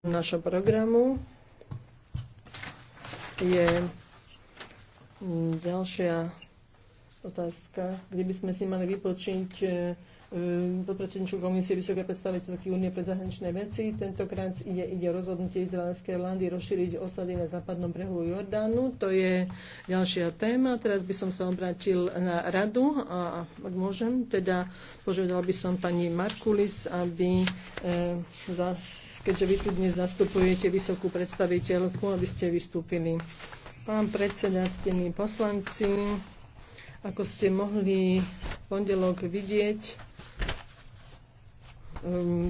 našom programu je ďalšia otázka, kde by sme si mali vypočiť eh, podpredsedničku ehm, komisie vysoké predstaviteľky únie pre zahraničné veci. Tentokrát ide, ide rozhodnutie izraelskej vlády rozšíriť osady na západnom brehu Jordánu. To je ďalšia téma. Teraz by som sa obrátil na radu a ak môžem, teda požiadal by som pani Markulis, aby e, ehm, zas, keďže vy tu dnes zastupujete vysokú predstaviteľku, aby ste vystúpili. Pán predseda, ctení poslanci, ako ste mohli v pondelok vidieť, Ehm,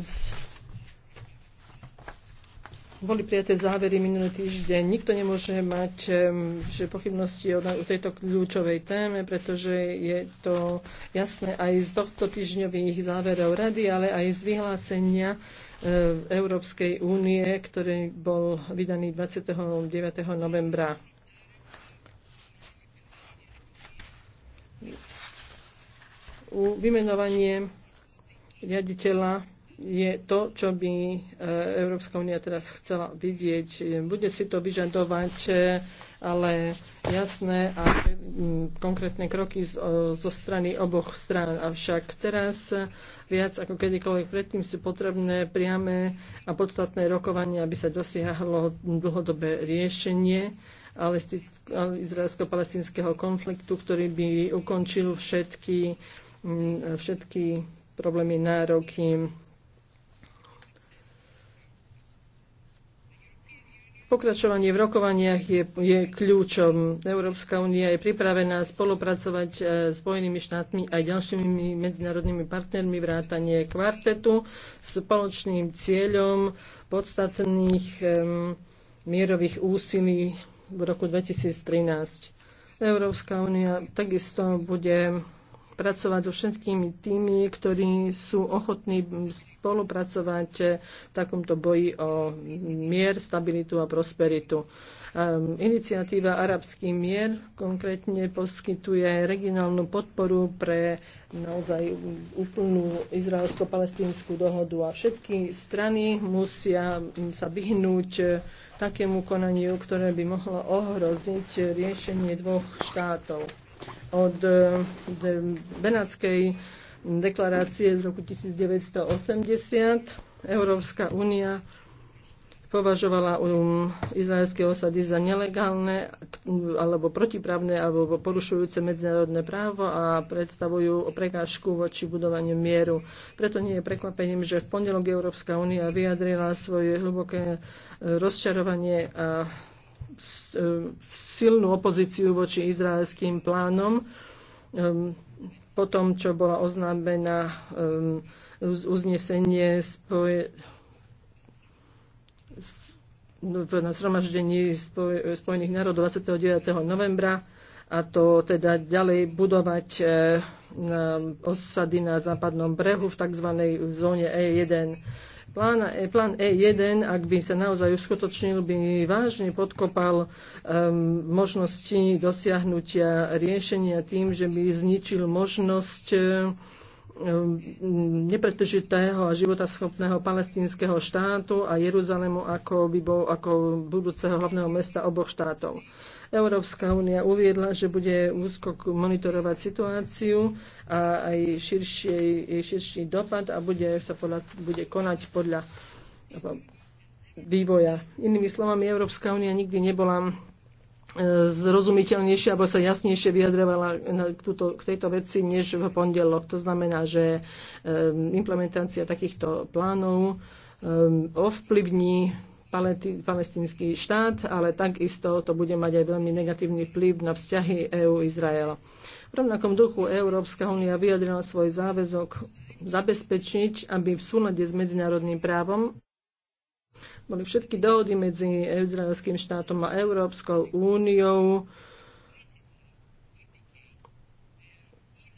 boli prijaté závery minulý týždeň. Nikto nemôže mať ehm, že pochybnosti o tejto kľúčovej téme, pretože je to jasné aj z tohto týždňových záverov rady, ale aj z vyhlásenia ehm, Európskej únie, ktorý bol vydaný 29. novembra. vymenovanie riaditeľa je to, čo by e, Európska únia teraz chcela vidieť. Bude si to vyžadovať, e, ale jasné a konkrétne kroky e, zo strany oboch strán. Avšak teraz viac ako kedykoľvek predtým sú potrebné priame a podstatné rokovania, aby sa dosiahlo dlhodobé riešenie izraelsko-palestinského konfliktu, ktorý by ukončil všetky, všetky problémy nároky. Pokračovanie v rokovaniach je, je kľúčom. Európska únia je pripravená spolupracovať e, s Spojenými štátmi aj ďalšími medzinárodnými partnermi vrátanie kvartetu s spoločným cieľom podstatných um, mierových úsilí v roku 2013. Európska únia takisto bude pracovať so všetkými tými, ktorí sú ochotní spolupracovať v takomto boji o mier, stabilitu a prosperitu. Ehm, iniciatíva Arabský mier konkrétne poskytuje regionálnu podporu pre naozaj úplnú izraelsko-palestínsku dohodu a všetky strany musia sa vyhnúť takému konaniu, ktoré by mohlo ohroziť riešenie dvoch štátov od eh, Benátskej deklarácie z roku 1980. Európska únia považovala um, izraelské osady za nelegálne alebo protiprávne alebo porušujúce medzinárodné právo a predstavujú prekážku voči budovaniu mieru. Preto nie je prekvapením, že v pondelok Európska únia vyjadrila svoje hlboké eh, rozčarovanie a E, silnú opozíciu voči izraelským plánom e, po tom, čo bola oznámená e, uznesenie spoje, no, v nasromaždení Spojených národov 29. novembra a to teda ďalej budovať osady na západnom brehu v tzv. zóne E1. Plán, e, plán E1, ak by sa naozaj uskutočnil, by vážne podkopal um, možnosti dosiahnutia riešenia tým, že by zničil možnosť um, nepretržitého a životaschopného palestínskeho štátu a Jeruzalému ako, by bol, ako budúceho hlavného mesta oboch štátov. Európska únia uviedla, že bude úzko monitorovať situáciu a aj širší, širší dopad a bude, sa podľa, bude konať podľa vývoja. Inými slovami, Európska únia nikdy nebola e, zrozumiteľnejšie alebo sa jasnejšie vyjadrovala k, túto, k tejto veci než v pondelok. To znamená, že e, implementácia takýchto plánov e, ovplyvní palestínsky štát, ale takisto to bude mať aj veľmi negatívny vplyv na vzťahy EÚ-Izrael. V rovnakom duchu Európska únia vyjadrila svoj záväzok zabezpečiť, aby v súlade s medzinárodným právom boli všetky dohody medzi izraelským štátom a Európskou úniou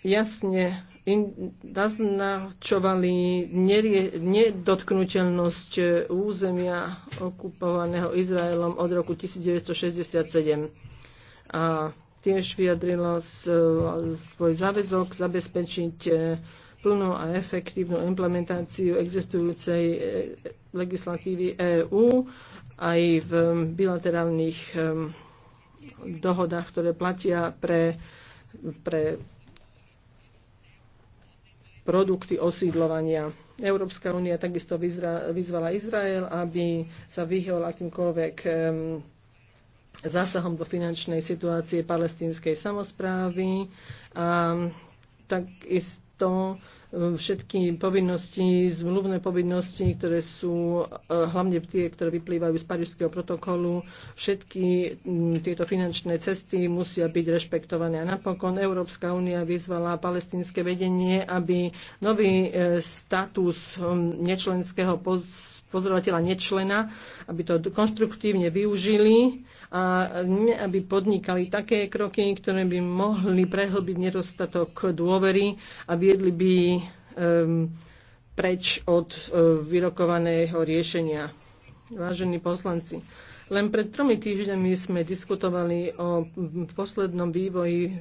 jasne in, naznačovali nerie, nedotknutelnosť e, územia okupovaného Izraelom od roku 1967. A tiež vyjadrilo e, svoj záväzok zabezpečiť e, plnú a efektívnu implementáciu existujúcej legislatívy EÚ aj v bilaterálnych dohodách, ktoré platia pre, pre produkty osídlovania. Európska únia takisto vyzvala Izrael, aby sa vyhol akýmkoľvek zásahom do finančnej situácie palestínskej samozprávy a takisto to e, všetky povinnosti, zmluvné povinnosti, ktoré sú e, hlavne tie, ktoré vyplývajú z Parížského protokolu, všetky tieto finančné cesty musia byť rešpektované. A napokon Európska únia vyzvala palestinské vedenie, aby nový e, status hm, nečlenského pozorovateľa nečlena, aby to konštruktívne využili a aby podnikali také kroky, ktoré by mohli prehlbiť nedostatok dôvery a viedli by um, preč od um, vyrokovaného riešenia. Vážení poslanci, len pred tromi týždňami sme diskutovali o poslednom vývoji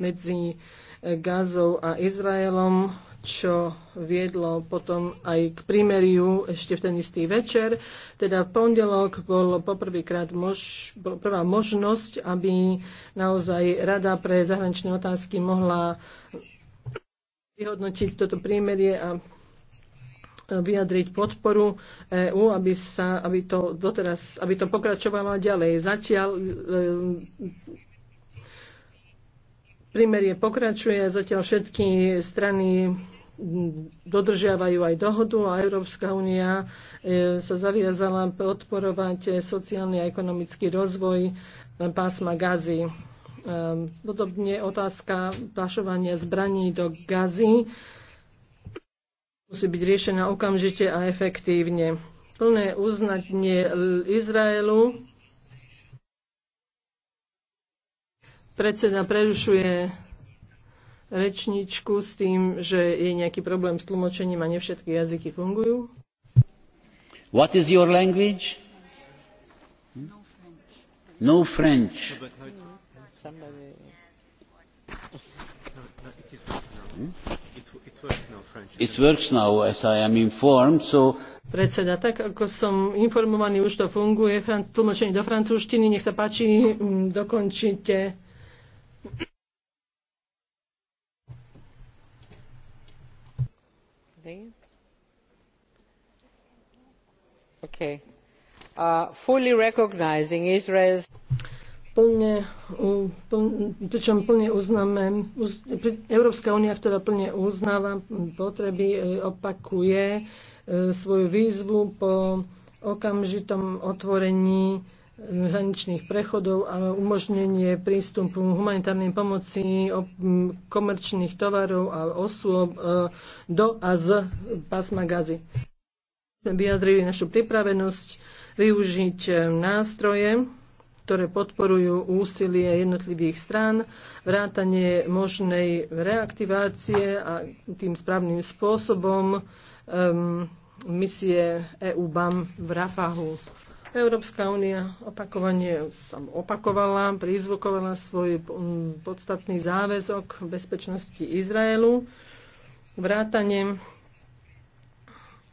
medzi Gazou a Izraelom čo viedlo potom aj k prímeriu ešte v ten istý večer. Teda v pondelok bol poprvýkrát mož, bol prvá možnosť, aby naozaj Rada pre zahraničné otázky mohla vyhodnotiť toto prímerie a vyjadriť podporu EÚ, aby, sa, aby, to, doteraz, aby to pokračovalo ďalej. Zatiaľ e, Primerie pokračuje, zatiaľ všetky strany dodržiavajú aj dohodu a Európska únia e, sa zaviazala podporovať sociálny a ekonomický rozvoj pásma Gazy. E, podobne otázka pašovania zbraní do Gazy musí byť riešená okamžite a efektívne. Plné uznanie Izraelu. Predseda prerušuje rečničku s tým, že je nejaký problém s tlmočením a nevšetky jazyky fungujú? What is your language? Hm? No French. Hmm? No French. It works now, as I am informed, so... Predseda, tak ako som informovaný, už to funguje. tlmočenie do francúzštiny, nech sa páči, mm, dokončite. pričom uh, plne uznáme, Európska únia, ktorá plne uznáva potreby, e, opakuje e, svoju výzvu po okamžitom otvorení hraničných prechodov a umožnenie prístupu humanitárnej pomoci komerčných tovarov a osôb e, do a z pásma gazy. Vyjadrili našu pripravenosť využiť e, nástroje, ktoré podporujú úsilie jednotlivých strán, vrátanie možnej reaktivácie a tým správnym spôsobom um, misie EU-BAM v Rafahu. Európska únia opakovane opakovala, prizvukovala svoj mm, podstatný záväzok bezpečnosti Izraelu, vrátane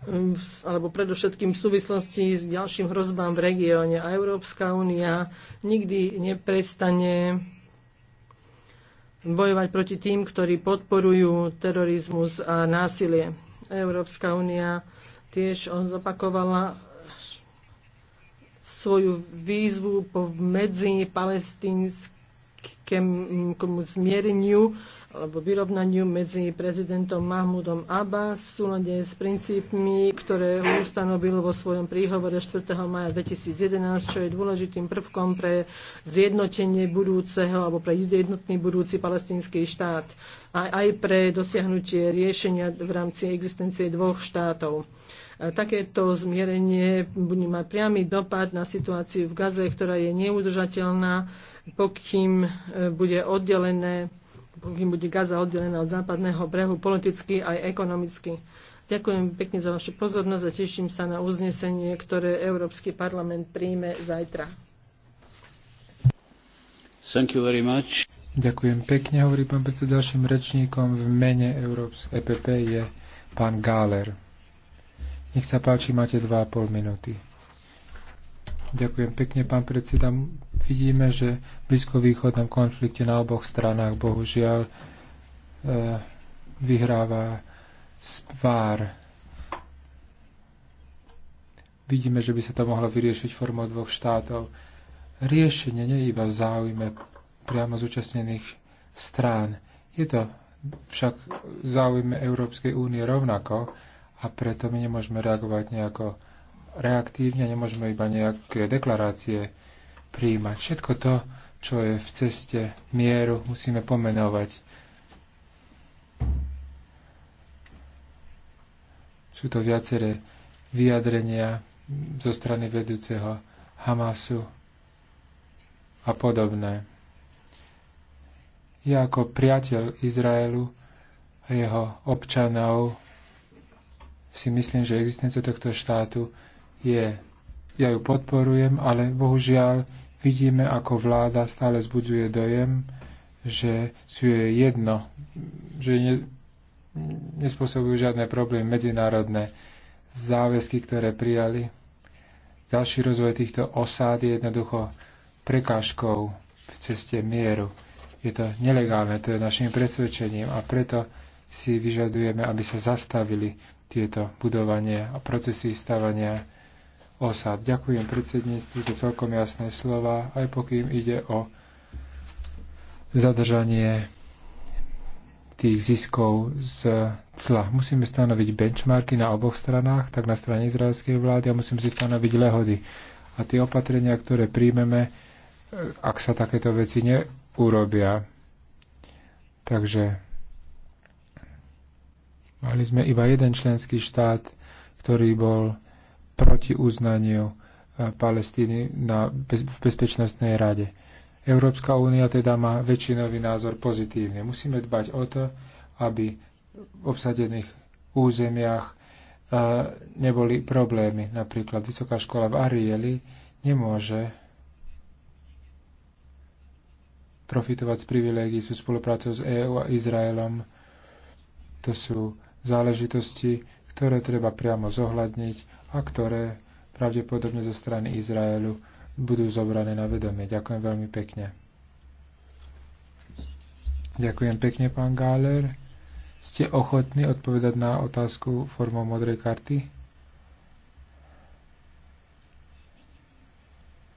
mm, alebo predovšetkým v súvislosti s ďalším hrozbám v regióne. A Európska únia nikdy neprestane bojovať proti tým, ktorí podporujú terorizmus a násilie. Európska únia tiež zopakovala svoju výzvu po medzi palestínskému zmiereniu alebo vyrovnaniu medzi prezidentom Mahmudom Abbas v súlade s princípmi, ktoré ustanovil vo svojom príhovore 4. maja 2011, čo je dôležitým prvkom pre zjednotenie budúceho alebo pre jednotný budúci palestínsky štát a aj pre dosiahnutie riešenia v rámci existencie dvoch štátov. Takéto zmierenie bude mať priamy dopad na situáciu v Gaze, ktorá je neudržateľná, pokým e, bude oddelené pokým bude Gaza oddelená od západného brehu politicky aj ekonomicky. Ďakujem pekne za vašu pozornosť a teším sa na uznesenie, ktoré Európsky parlament príjme zajtra. Thank you very much. Ďakujem pekne, hovorí pán predseda. Ďalším rečníkom v mene Európs EPP je pán Gáler. Nech sa páči, máte 2,5 minúty. Ďakujem pekne, pán predseda. Vidíme, že v blízkovýchodnom konflikte na oboch stranách bohužiaľ e, vyhráva spár. Vidíme, že by sa to mohlo vyriešiť formou dvoch štátov. Riešenie nie je iba v záujme priamo zúčastnených strán. Je to však v záujme Európskej únie rovnako, a preto my nemôžeme reagovať nejako reaktívne, nemôžeme iba nejaké deklarácie príjmať. Všetko to, čo je v ceste mieru, musíme pomenovať. Sú to viaceré vyjadrenia zo strany vedúceho Hamasu a podobné. Ja ako priateľ Izraelu a jeho občanov si myslím, že existencia tohto štátu je, ja ju podporujem, ale bohužiaľ vidíme, ako vláda stále zbudzuje dojem, že sú je jedno, že ne, nespôsobujú žiadne problémy medzinárodné záväzky, ktoré prijali. Ďalší rozvoj týchto osád je jednoducho prekážkou v ceste mieru. Je to nelegálne, to je našim presvedčením a preto si vyžadujeme, aby sa zastavili tieto budovanie a procesy stavania osad. Ďakujem predsedníctvu za celkom jasné slova, aj pokým ide o zadržanie tých ziskov z cla. Musíme stanoviť benchmarky na oboch stranách, tak na strane izraelskej vlády a musíme si stanoviť lehody. A tie opatrenia, ktoré príjmeme, e, ak sa takéto veci neurobia. Takže Mali sme iba jeden členský štát, ktorý bol proti uznaniu e, Palestíny na bez, v Bezpečnostnej rade. Európska únia teda má väčšinový názor pozitívne. Musíme dbať o to, aby v obsadených územiach e, neboli problémy. Napríklad vysoká škola v Arieli nemôže profitovať z privilégií sú spoluprácou s EÚ a Izraelom. To sú záležitosti, ktoré treba priamo zohľadniť a ktoré pravdepodobne zo strany Izraelu budú zobrané na vedomie. Ďakujem veľmi pekne. Ďakujem pekne, pán Gáler. Ste ochotní odpovedať na otázku formou modrej karty?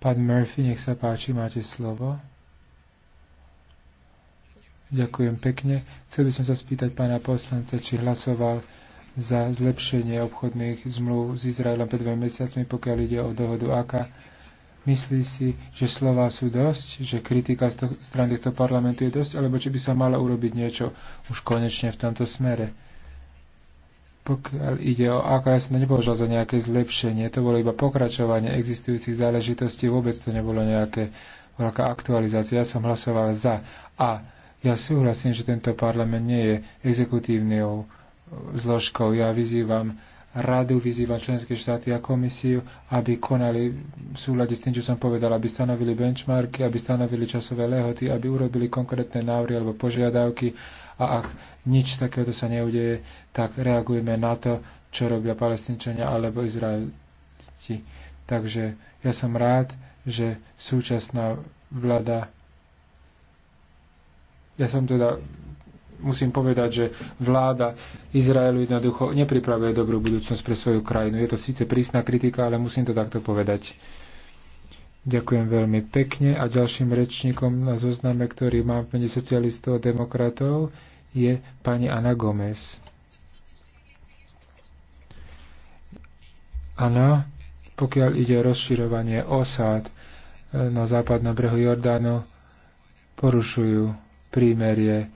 Pán Murphy, nech sa páči, máte slovo. Ďakujem pekne. Chcel by som sa spýtať pána poslanca, či hlasoval za zlepšenie obchodných zmluv s Izraelom pred dvomi mesiacmi, pokiaľ ide o dohodu AKA. Myslí si, že slova sú dosť, že kritika z toho, strany tohto parlamentu je dosť, alebo či by sa malo urobiť niečo už konečne v tomto smere. Pokiaľ ide o AKA, ja som to nepovažoval za nejaké zlepšenie, to bolo iba pokračovanie existujúcich záležitostí, vôbec to nebolo nejaké veľká aktualizácia. Ja som hlasoval za. A ja súhlasím, že tento parlament nie je exekutívnou zložkou. Ja vyzývam radu, vyzývam členské štáty a komisiu, aby konali v súľade s tým, čo som povedal, aby stanovili benchmarky, aby stanovili časové lehoty, aby urobili konkrétne návry alebo požiadavky a ak nič takéhoto sa neudeje, tak reagujeme na to, čo robia palestinčania alebo Izraelci. Takže ja som rád, že súčasná vláda ja som teda, musím povedať, že vláda Izraelu jednoducho nepripravuje dobrú budúcnosť pre svoju krajinu. Je to síce prísna kritika, ale musím to takto povedať. Ďakujem veľmi pekne a ďalším rečníkom na zozname, ktorý mám v mene socialistov a demokratov, je pani Ana Gomez. Ana, pokiaľ ide o rozširovanie osád eh, na západnom brehu Jordánu, porušujú prímerie.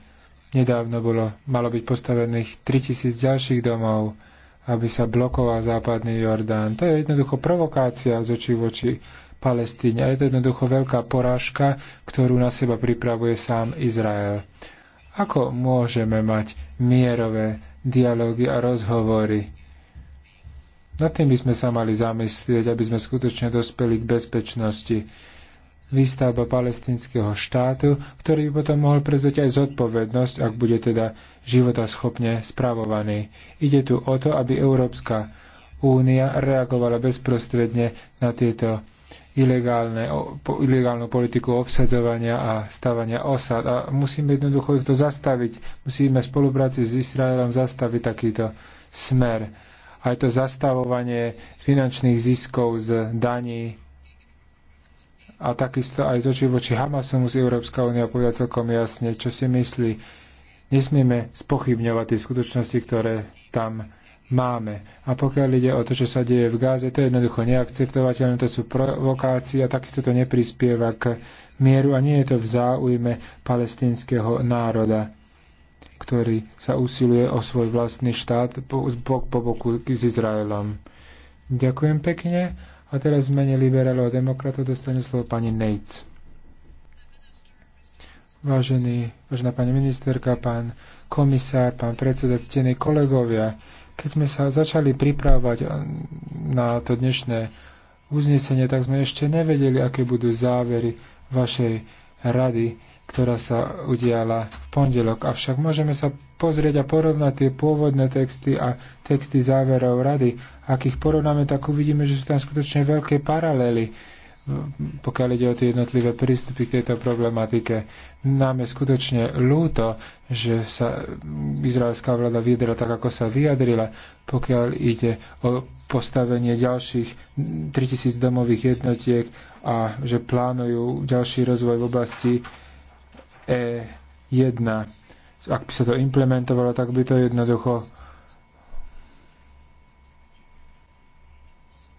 Nedávno bolo, malo byť postavených 3000 ďalších domov, aby sa blokoval západný Jordán. To je jednoducho provokácia z očí oči Palestíne. A je to jednoducho veľká porážka, ktorú na seba pripravuje sám Izrael. Ako môžeme mať mierové dialógy a rozhovory? Nad tým by sme sa mali zamyslieť, aby sme skutočne dospeli k bezpečnosti výstavba palestinského štátu, ktorý by potom mohol prezať aj zodpovednosť, ak bude teda schopne spravovaný. Ide tu o to, aby Európska únia reagovala bezprostredne na tieto ilegálne, po, ilegálnu politiku obsadzovania a stavania osad. A musíme jednoducho ich to zastaviť. Musíme v spolupráci s Izraelom zastaviť takýto smer. Aj to zastavovanie finančných ziskov z daní a takisto aj z očí voči Hamasu musí Európska únia povedať celkom jasne, čo si myslí. Nesmieme spochybňovať tie skutočnosti, ktoré tam máme. A pokiaľ ide o to, čo sa deje v Gáze, to je jednoducho neakceptovateľné, to sú provokácie a takisto to neprispieva k mieru a nie je to v záujme palestinského národa ktorý sa usiluje o svoj vlastný štát po, po, po boku s Izraelom. Ďakujem pekne. A teraz v mene liberálov a demokratov dostane slovo pani Nejc. Vážený, vážená pani ministerka, pán komisár, pán predseda, ctení kolegovia, keď sme sa začali pripravovať eh, na to dnešné uznesenie, tak sme ešte nevedeli, aké budú závery vašej rady, ktorá sa udiala v pondelok. Avšak môžeme sa pozrieť a porovnať tie pôvodné texty a texty záverov rady ak ich porovnáme, tak uvidíme, že sú tam skutočne veľké paralely eh, pokiaľ ide o tie jednotlivé prístupy k tejto problematike. Nám je skutočne ľúto, že sa izraelská vláda vyjadrila tak, ako sa vyjadrila, pokiaľ ide o postavenie ďalších 3000 domových jednotiek a že plánujú ďalší rozvoj v oblasti E1. Ak by sa to implementovalo, tak by to jednoducho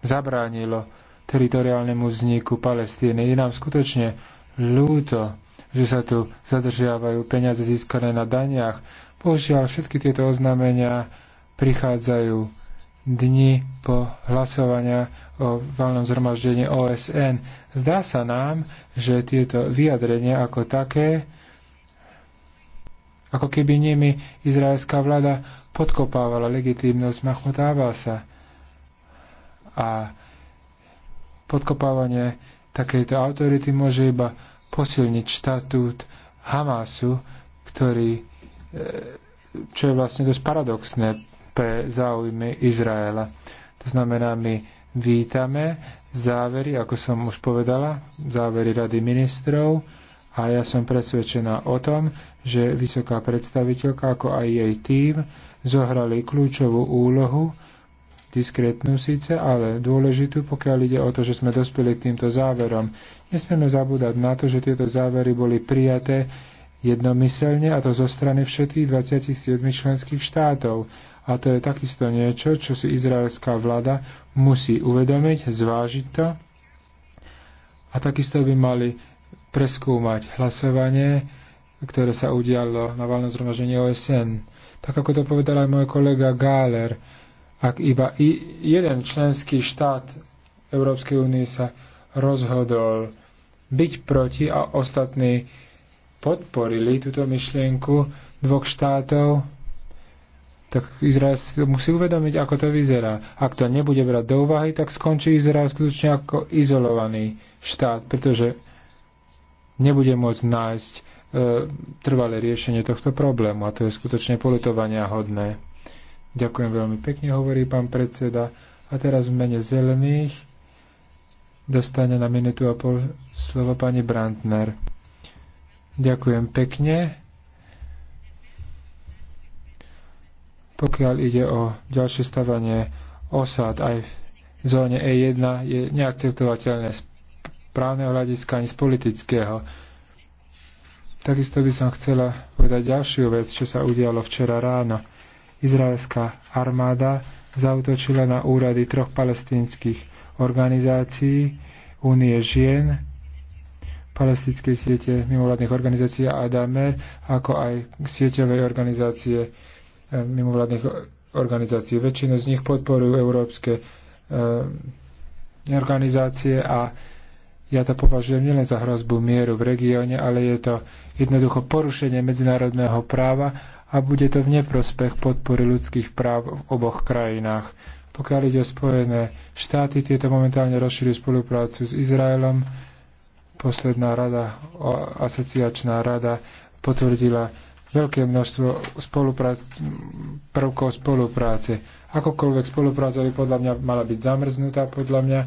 zabránilo teritoriálnemu vzniku Palestíny. Je nám skutočne ľúto, že sa tu zadržiavajú peniaze získané na daniach. Bohužiaľ, všetky tieto oznámenia prichádzajú dni po hlasovania o valnom zhromaždení OSN. Zdá sa nám, že tieto vyjadrenia ako také, ako keby nimi izraelská vláda podkopávala legitímnosť Mahmoud Abasa a podkopávanie takejto autority môže iba posilniť štatút Hamasu, ktorý, e, čo je vlastne dosť paradoxné pre záujmy Izraela. To znamená, my vítame závery, ako som už povedala, závery Rady ministrov a ja som presvedčená o tom, že vysoká predstaviteľka, ako aj jej tým, zohrali kľúčovú úlohu diskrétnu síce, ale dôležitú, pokiaľ ide o to, že sme dospeli k týmto záverom. Nesmieme zabúdať na to, že tieto závery boli prijaté jednomyselne, a to zo strany všetkých 27 členských štátov. A to je takisto niečo, čo si izraelská vláda musí uvedomiť, zvážiť to. A takisto by mali preskúmať hlasovanie, ktoré sa udialo na valnom zhromaždení OSN. Tak ako to povedal aj môj kolega Gáler, ak iba jeden členský štát Európskej únie sa rozhodol byť proti a ostatní podporili túto myšlienku dvoch štátov, tak Izrael musí uvedomiť, ako to vyzerá. Ak to nebude brať do úvahy, tak skončí Izrael skutočne ako izolovaný štát, pretože nebude môcť nájsť e, trvalé riešenie tohto problému a to je skutočne politovania hodné. Ďakujem veľmi pekne, hovorí pán predseda. A teraz v mene zelených dostane na minutu a pol slovo pani Brandner. Ďakujem pekne. Pokiaľ ide o ďalšie stavanie osad aj v zóne E1, je neakceptovateľné z právneho hľadiska ani z politického. Takisto by som chcela povedať ďalšiu vec, čo sa udialo včera ráno. Izraelská armáda zautočila na úrady troch palestínskych organizácií, Únie žien, palestinskej siete mimovládnych organizácií Adamer, ako aj sieťovej organizácie eh, mimovládnych organizácií. Väčšinu z nich podporujú európske eh, organizácie a ja to považujem nielen za hrozbu mieru v regióne, ale je to jednoducho porušenie medzinárodného práva a bude to v neprospech podpory ľudských práv v oboch krajinách. Pokiaľ ide o Spojené štáty, tieto momentálne rozšírujú spoluprácu s Izraelom. Posledná rada, asociačná rada, potvrdila veľké množstvo spoluprác, prvkov spolupráce. Akokoľvek spolupráca by podľa mňa mala byť zamrznutá, podľa mňa,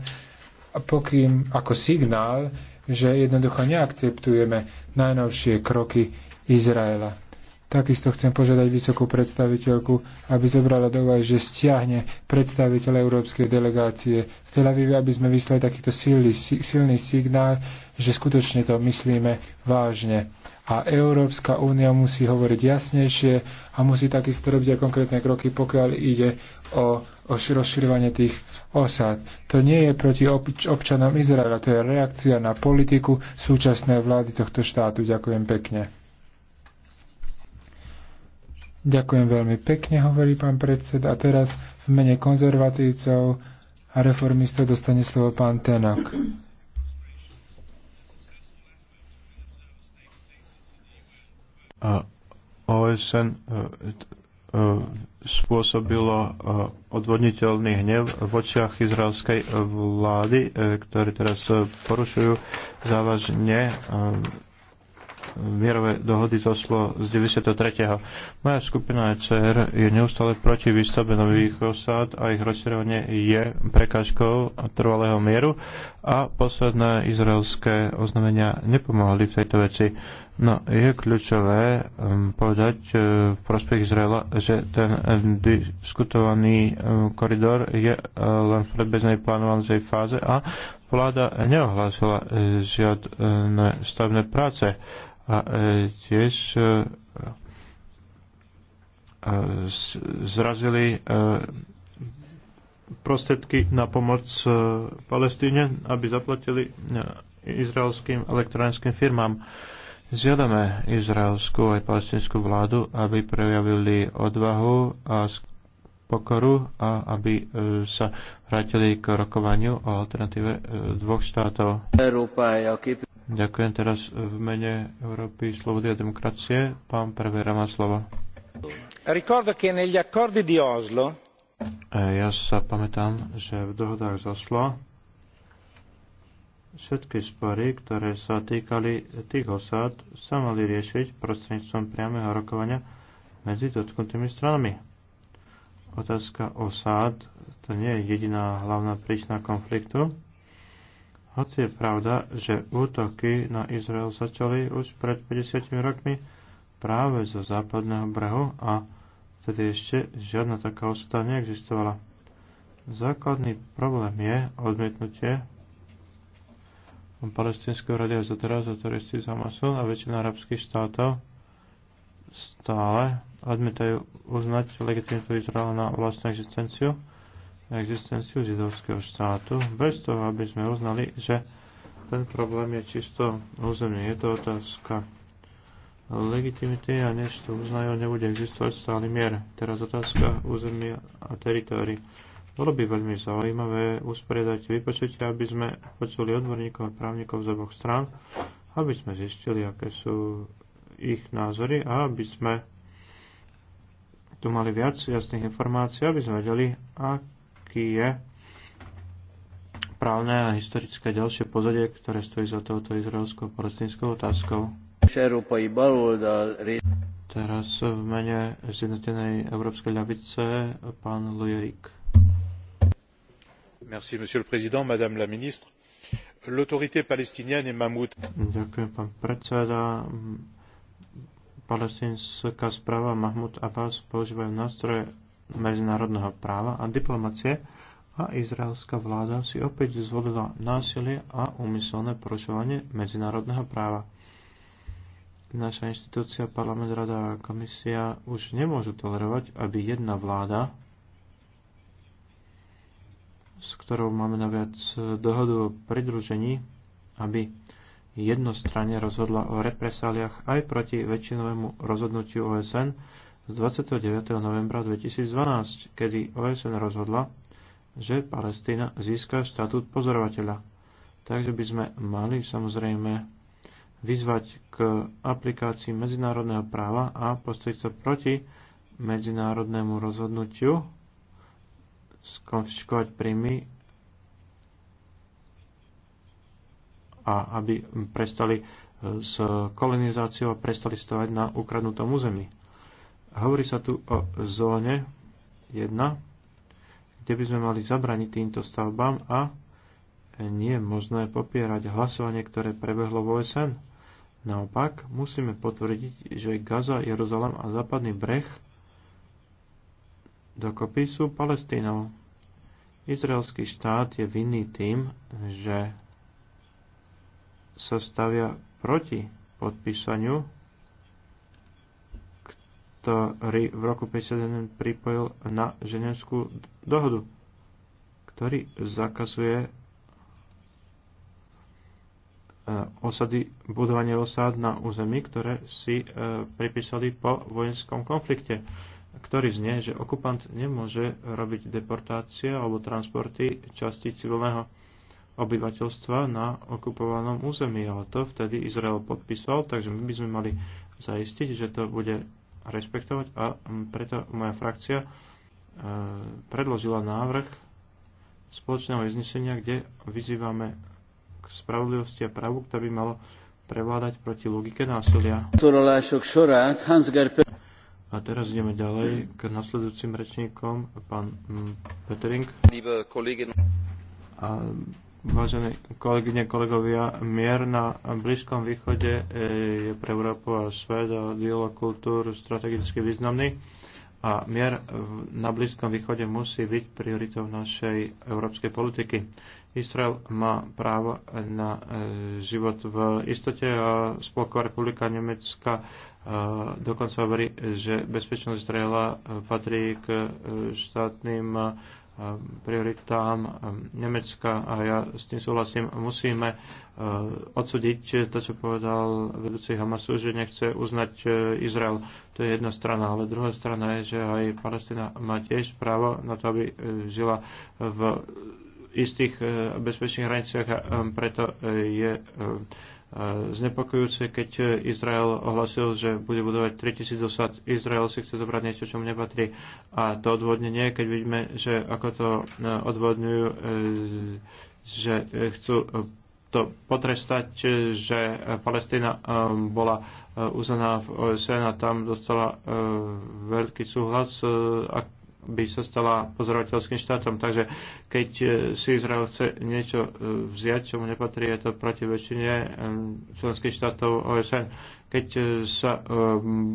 pokým ako signál, že jednoducho neakceptujeme najnovšie kroky Izraela. Takisto chcem požiadať vysokú predstaviteľku, aby zobrala do úvahy, že stiahne predstaviteľa európskej delegácie v Tel Avive, aby sme vyslali takýto silný, silný signál, že skutočne to myslíme vážne. A Európska únia musí hovoriť jasnejšie a musí takisto robiť aj konkrétne kroky, pokiaľ ide o, o rozširovanie tých osád. To nie je proti obč- občanom Izraela, to je reakcia na politiku súčasnej vlády tohto štátu. Ďakujem pekne. Ďakujem veľmi pekne, hovorí pán predseda. A teraz v mene konzervatívcov a reformistov dostane slovo pán Tenok. OSN e, e, spôsobilo e, odvodniteľný hnev v očiach izraelskej vlády, ktorí teraz porušujú závažne mierové dohody z Oslo z 93. Moja skupina ECR je neustále proti výstavbe nových osád a ich rozširovanie je prekážkou trvalého mieru a posledné izraelské oznámenia nepomohli v tejto veci. No, je kľúčové um, povedať uh, v prospech Izraela, že ten um, diskutovaný um, koridor je uh, len v predbežnej plánovanej fáze a vláda neohlásila uh, žiadne uh, stavné práce a e, tiež e, e, zrazili prostriedky na pomoc Palestíne, aby zaplatili izraelským elektronickým firmám. Žiadame izraelskú aj palestinskú vládu, aby prejavili odvahu a pokoru a aby sa vrátili k rokovaniu o alternatíve dvoch štátov. Ďakujem teraz v mene Európy slobody a demokracie. Pán Prevera má slovo. E, ja sa pamätám, že v dohodách z Oslo všetky spory, ktoré sa týkali tých osád, sa mali riešiť prostredníctvom priameho rokovania medzi dotknutými stranami. Otázka osád to nie je jediná hlavná príčina konfliktu hoci je pravda, že útoky na Izrael začali už pred 50 rokmi práve zo západného brehu a vtedy ešte žiadna taká osada neexistovala. Základný problém je odmietnutie palestinského radia za teraz a teroristi za Hamasu a väčšina arabských štátov stále odmietajú uznať legitimitu Izraela na vlastnú existenciu existenciu židovského štátu, bez toho, aby sme uznali, že ten problém je čisto územný. Je to otázka legitimity a než to uznajú, nebude existovať stály mier. Teraz otázka územia a teritórií. Bolo by veľmi zaujímavé usporiadať vypočutie, aby sme počuli odborníkov a právnikov z oboch strán, aby sme zistili, aké sú ich názory a aby sme tu mali viac jasných informácií, aby sme vedeli, ak aký je právne a historické ďalšie pozadie, ktoré stojí za touto izraelskou palestinskou otázkou. Teraz v mene zjednotenej európskej ľavice pán Lujerik. Merci, monsieur le président, madame la ministre. L'autorité palestinienne est Mahmoud. Ďakujem, pán predseda palestinská správa Mahmoud Abbas používajú nástroje medzinárodného práva a diplomacie a izraelská vláda si opäť zvolila násilie a úmyselné porušovanie medzinárodného práva. Naša inštitúcia, parlament, rada a komisia už nemôžu tolerovať, aby jedna vláda, s ktorou máme naviac dohodu o pridružení, aby jednostranne rozhodla o represáliach aj proti väčšinovému rozhodnutiu OSN, z 29. novembra 2012, kedy OSN rozhodla, že Palestína získa štatút pozorovateľa. Takže by sme mali samozrejme vyzvať k aplikácii medzinárodného práva a postaviť sa proti medzinárodnému rozhodnutiu skonfiškovať príjmy a aby prestali s kolonizáciou a prestali stavať na ukradnutom území. Hovorí sa tu o zóne 1, kde by sme mali zabraniť týmto stavbám a nie je možné popierať hlasovanie, ktoré prebehlo v OSN. Naopak, musíme potvrdiť, že Gaza, Jeruzalem a západný breh dokopy sú Palestínou. Izraelský štát je vinný tým, že sa stavia proti podpísaniu ktorý v roku 51 pripojil na ženevskú dohodu, ktorý zakazuje e, osady, budovanie osád na území, ktoré si e, pripísali po vojenskom konflikte, ktorý znie, že okupant nemôže robiť deportácie alebo transporty časti civilného obyvateľstva na okupovanom území. Ale to vtedy Izrael podpísal, takže my by sme mali zaistiť, že to bude rešpektovať a preto moja frakcia e, predložila návrh spoločného iznesenia, kde vyzývame k spravodlivosti a právu, ktoré by malo prevládať proti logike násilia. A teraz ideme ďalej k nasledujúcim rečníkom, pán mm, Petering. A Vážené kolegyne, kolegovia, mier na Blízkom východe e, je pre Európu a svet a dielo kultúr strategicky významný a mier na Blízkom východe musí byť prioritou našej európskej politiky. Izrael má právo na e, život v istote a Spolková republika Nemecka e, dokonca hovorí, že bezpečnosť Izraela patrí k štátnym Eh, prioritám eh, Nemecka a ja s tým súhlasím, musíme eh, odsúdiť to, čo povedal vedúci Hamasu, že nechce uznať Izrael. To je jedna strana, ale druhá strana je, že aj Palestina má tiež právo na to, aby žila v istých bezpečných hraniciach a preto je znepokojúce, keď Izrael ohlasil, že bude budovať 3000 osad. Izrael si chce zobrať niečo, čo mu nepatrí. A to odvodnenie, keď vidíme, že ako to e, odvodňujú, e, že chcú e, to potrestať, že Palestína bola uznaná v OSN a tam dostala veľký súhlas, ak by sa stala pozorovateľským štátom. Takže keď e, si Izrael chce niečo e, vziať, čo mu nepatrí, je to proti väčšine e, členských štátov OSN. Keď sa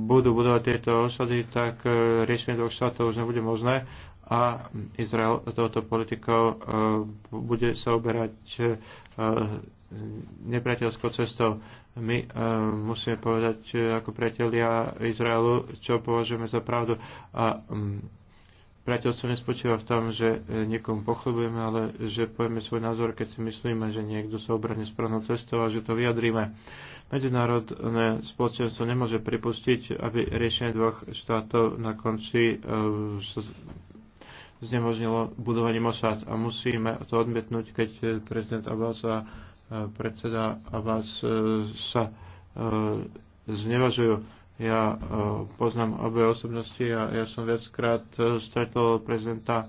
budú budovať tieto osady, tak riešenie dvoch štátov už nebude možné a Izrael touto politikou bude sa oberať nepriateľskou cestou. My uh, musíme povedať uh, ako priatelia Izraelu, čo považujeme za pravdu. A um, priateľstvo nespočíva v tom, že e, niekomu pochlebujeme, ale že povieme svoj názor, keď si myslíme, že niekto sa obrane správnou cestou a že to vyjadríme. Medzinárodné spoločenstvo nemôže pripustiť, aby riešenie dvoch štátov na konci e, znemožnilo budovanie Mossad a musíme to odmietnúť, keď e, prezident Abbas a predseda Abbas sa znevažujú ja e, poznám obe osobnosti a ja som viackrát e, stretol prezidenta e,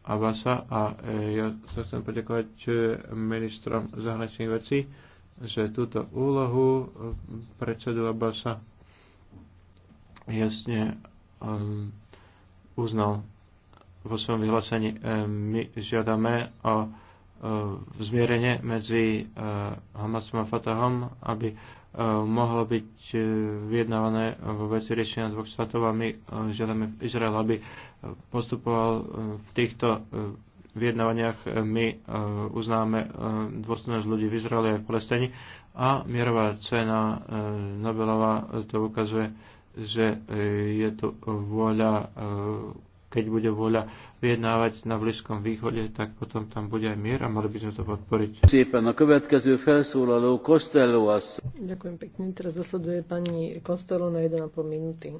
Abasa a ja sa chcem poďakovať ministrom zahraničných vecí, že túto úlohu predsedu Abasa jasne uznal vo svojom vyhlásení. My žiadame o zmierenie medzi Hamasom a Fatahom, aby Eh, mohlo byť eh, vyjednávané vo veci riešenia dvoch štátov a my eh, žiadame v Izrael, aby postupoval v týchto vyjednávaniach. My uznáme dôstojnosť ľudí v Izraeli a v Palestíne a mierová cena Nobelova to ukazuje, že je to vôľa keď bude vôľa vyjednávať na Blízkom východe, tak potom tam bude aj mier a mali by sme to podporiť. Ďakujem pekne. Teraz zasleduje pani Kostelo na 1,5 minúty.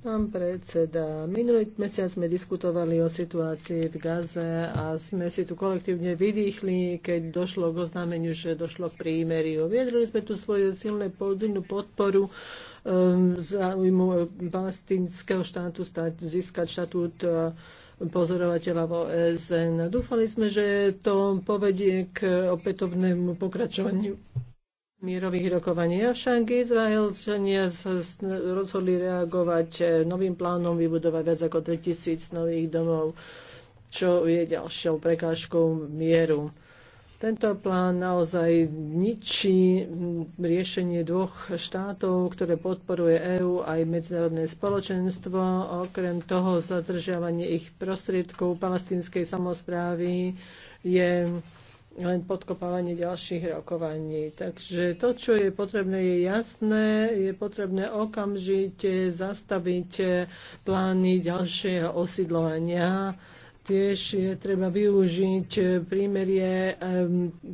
Pán predseda, minulý mesiac sme diskutovali o situácii v Gaze a sme si tu kolektívne vydýchli, keď došlo k oznámeniu, že došlo k prímeriu. Viedrili sme tu svoju silnú podporu um, záujmu palestinského štátu stať, získať štatút e, pozorovateľa v OSN. Dúfali sme, že to povedie k opätovnému pokračovaniu mierových rokovaní. Avšak Izraelčania rozhodli reagovať e, novým plánom vybudovať viac ako 3000 nových domov, čo je ďalšou prekážkou mieru. Tento plán naozaj ničí riešenie dvoch štátov, ktoré podporuje EÚ aj medzinárodné spoločenstvo. Okrem toho zadržiavanie ich prostriedkov palestinskej samozprávy je len podkopávanie ďalších rokovaní. Takže to, čo je potrebné, je jasné. Je potrebné okamžite zastaviť plány ďalšieho osidlovania. Tiež je treba využiť prímerie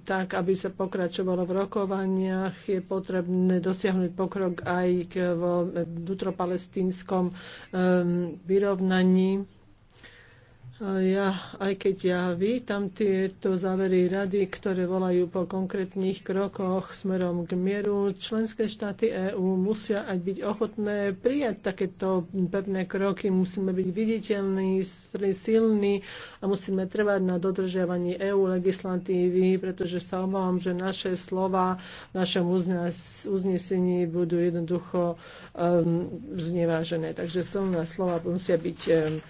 tak, aby sa pokračovalo v rokovaniach. Je potrebné dosiahnuť pokrok aj k vnútropalestínskom vyrovnaní ja, aj keď ja vítam tieto závery rady, ktoré volajú po konkrétnych krokoch smerom k mieru, členské štáty EÚ musia aj byť ochotné prijať takéto pevné kroky. Musíme byť viditeľní, silní a musíme trvať na dodržiavaní EÚ legislatívy, pretože sa obávam, že naše slova v našom uznesení budú jednoducho um, znevážené. Takže silné slova musia byť um,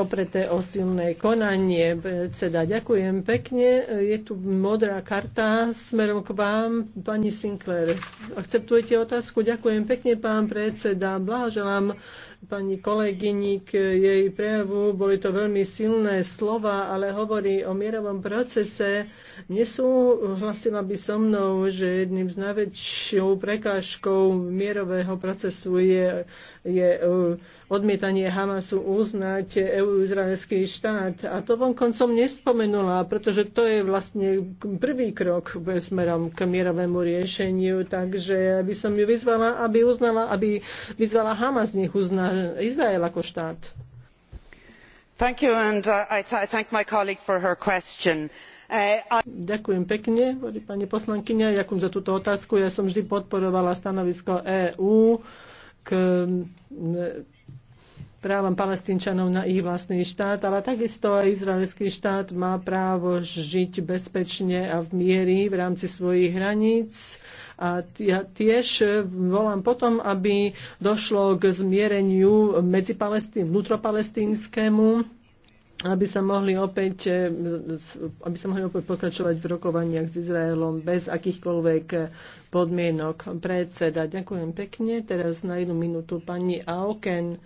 opreté o silné konanie. Ceda, ďakujem pekne. Je tu modrá karta smerom k vám, pani Sinclair. Akceptujete otázku? Ďakujem pekne, pán predseda. Blahoželám pani kolegyni k jej prejavu. Boli to veľmi silné slova, ale hovorí o mierovom procese. Nesúhlasila by so mnou, že jedným z najväčšou prekážkou mierového procesu je je e, odmietanie Hamasu uznať e, izraelský štát. A to koncom nespomenula, pretože to je vlastne prvý krok smerom k mierovému riešeniu. Takže by som ju vyzvala, aby uznala, aby vyzvala Hamas, nech uzná Izrael ako štát. Thank you and uh, I, th I thank my colleague for her question. Uh, ďakujem pekne, pani poslankyňa, ďakujem za túto otázku. Ja som vždy podporovala stanovisko EÚ k mm, právam palestínčanov na ich vlastný štát, ale takisto aj izraelský štát má právo žiť bezpečne a v miery v rámci svojich hraníc. A ja tiež volám potom, aby došlo k zmiereniu medzi Palestín, vnútropalestínskému aby sa mohli opäť, e, aby sa mohli opäť pokračovať v rokovaniach s Izraelom bez akýchkoľvek podmienok predseda. Ďakujem pekne. Teraz na jednu minútu pani Aoken.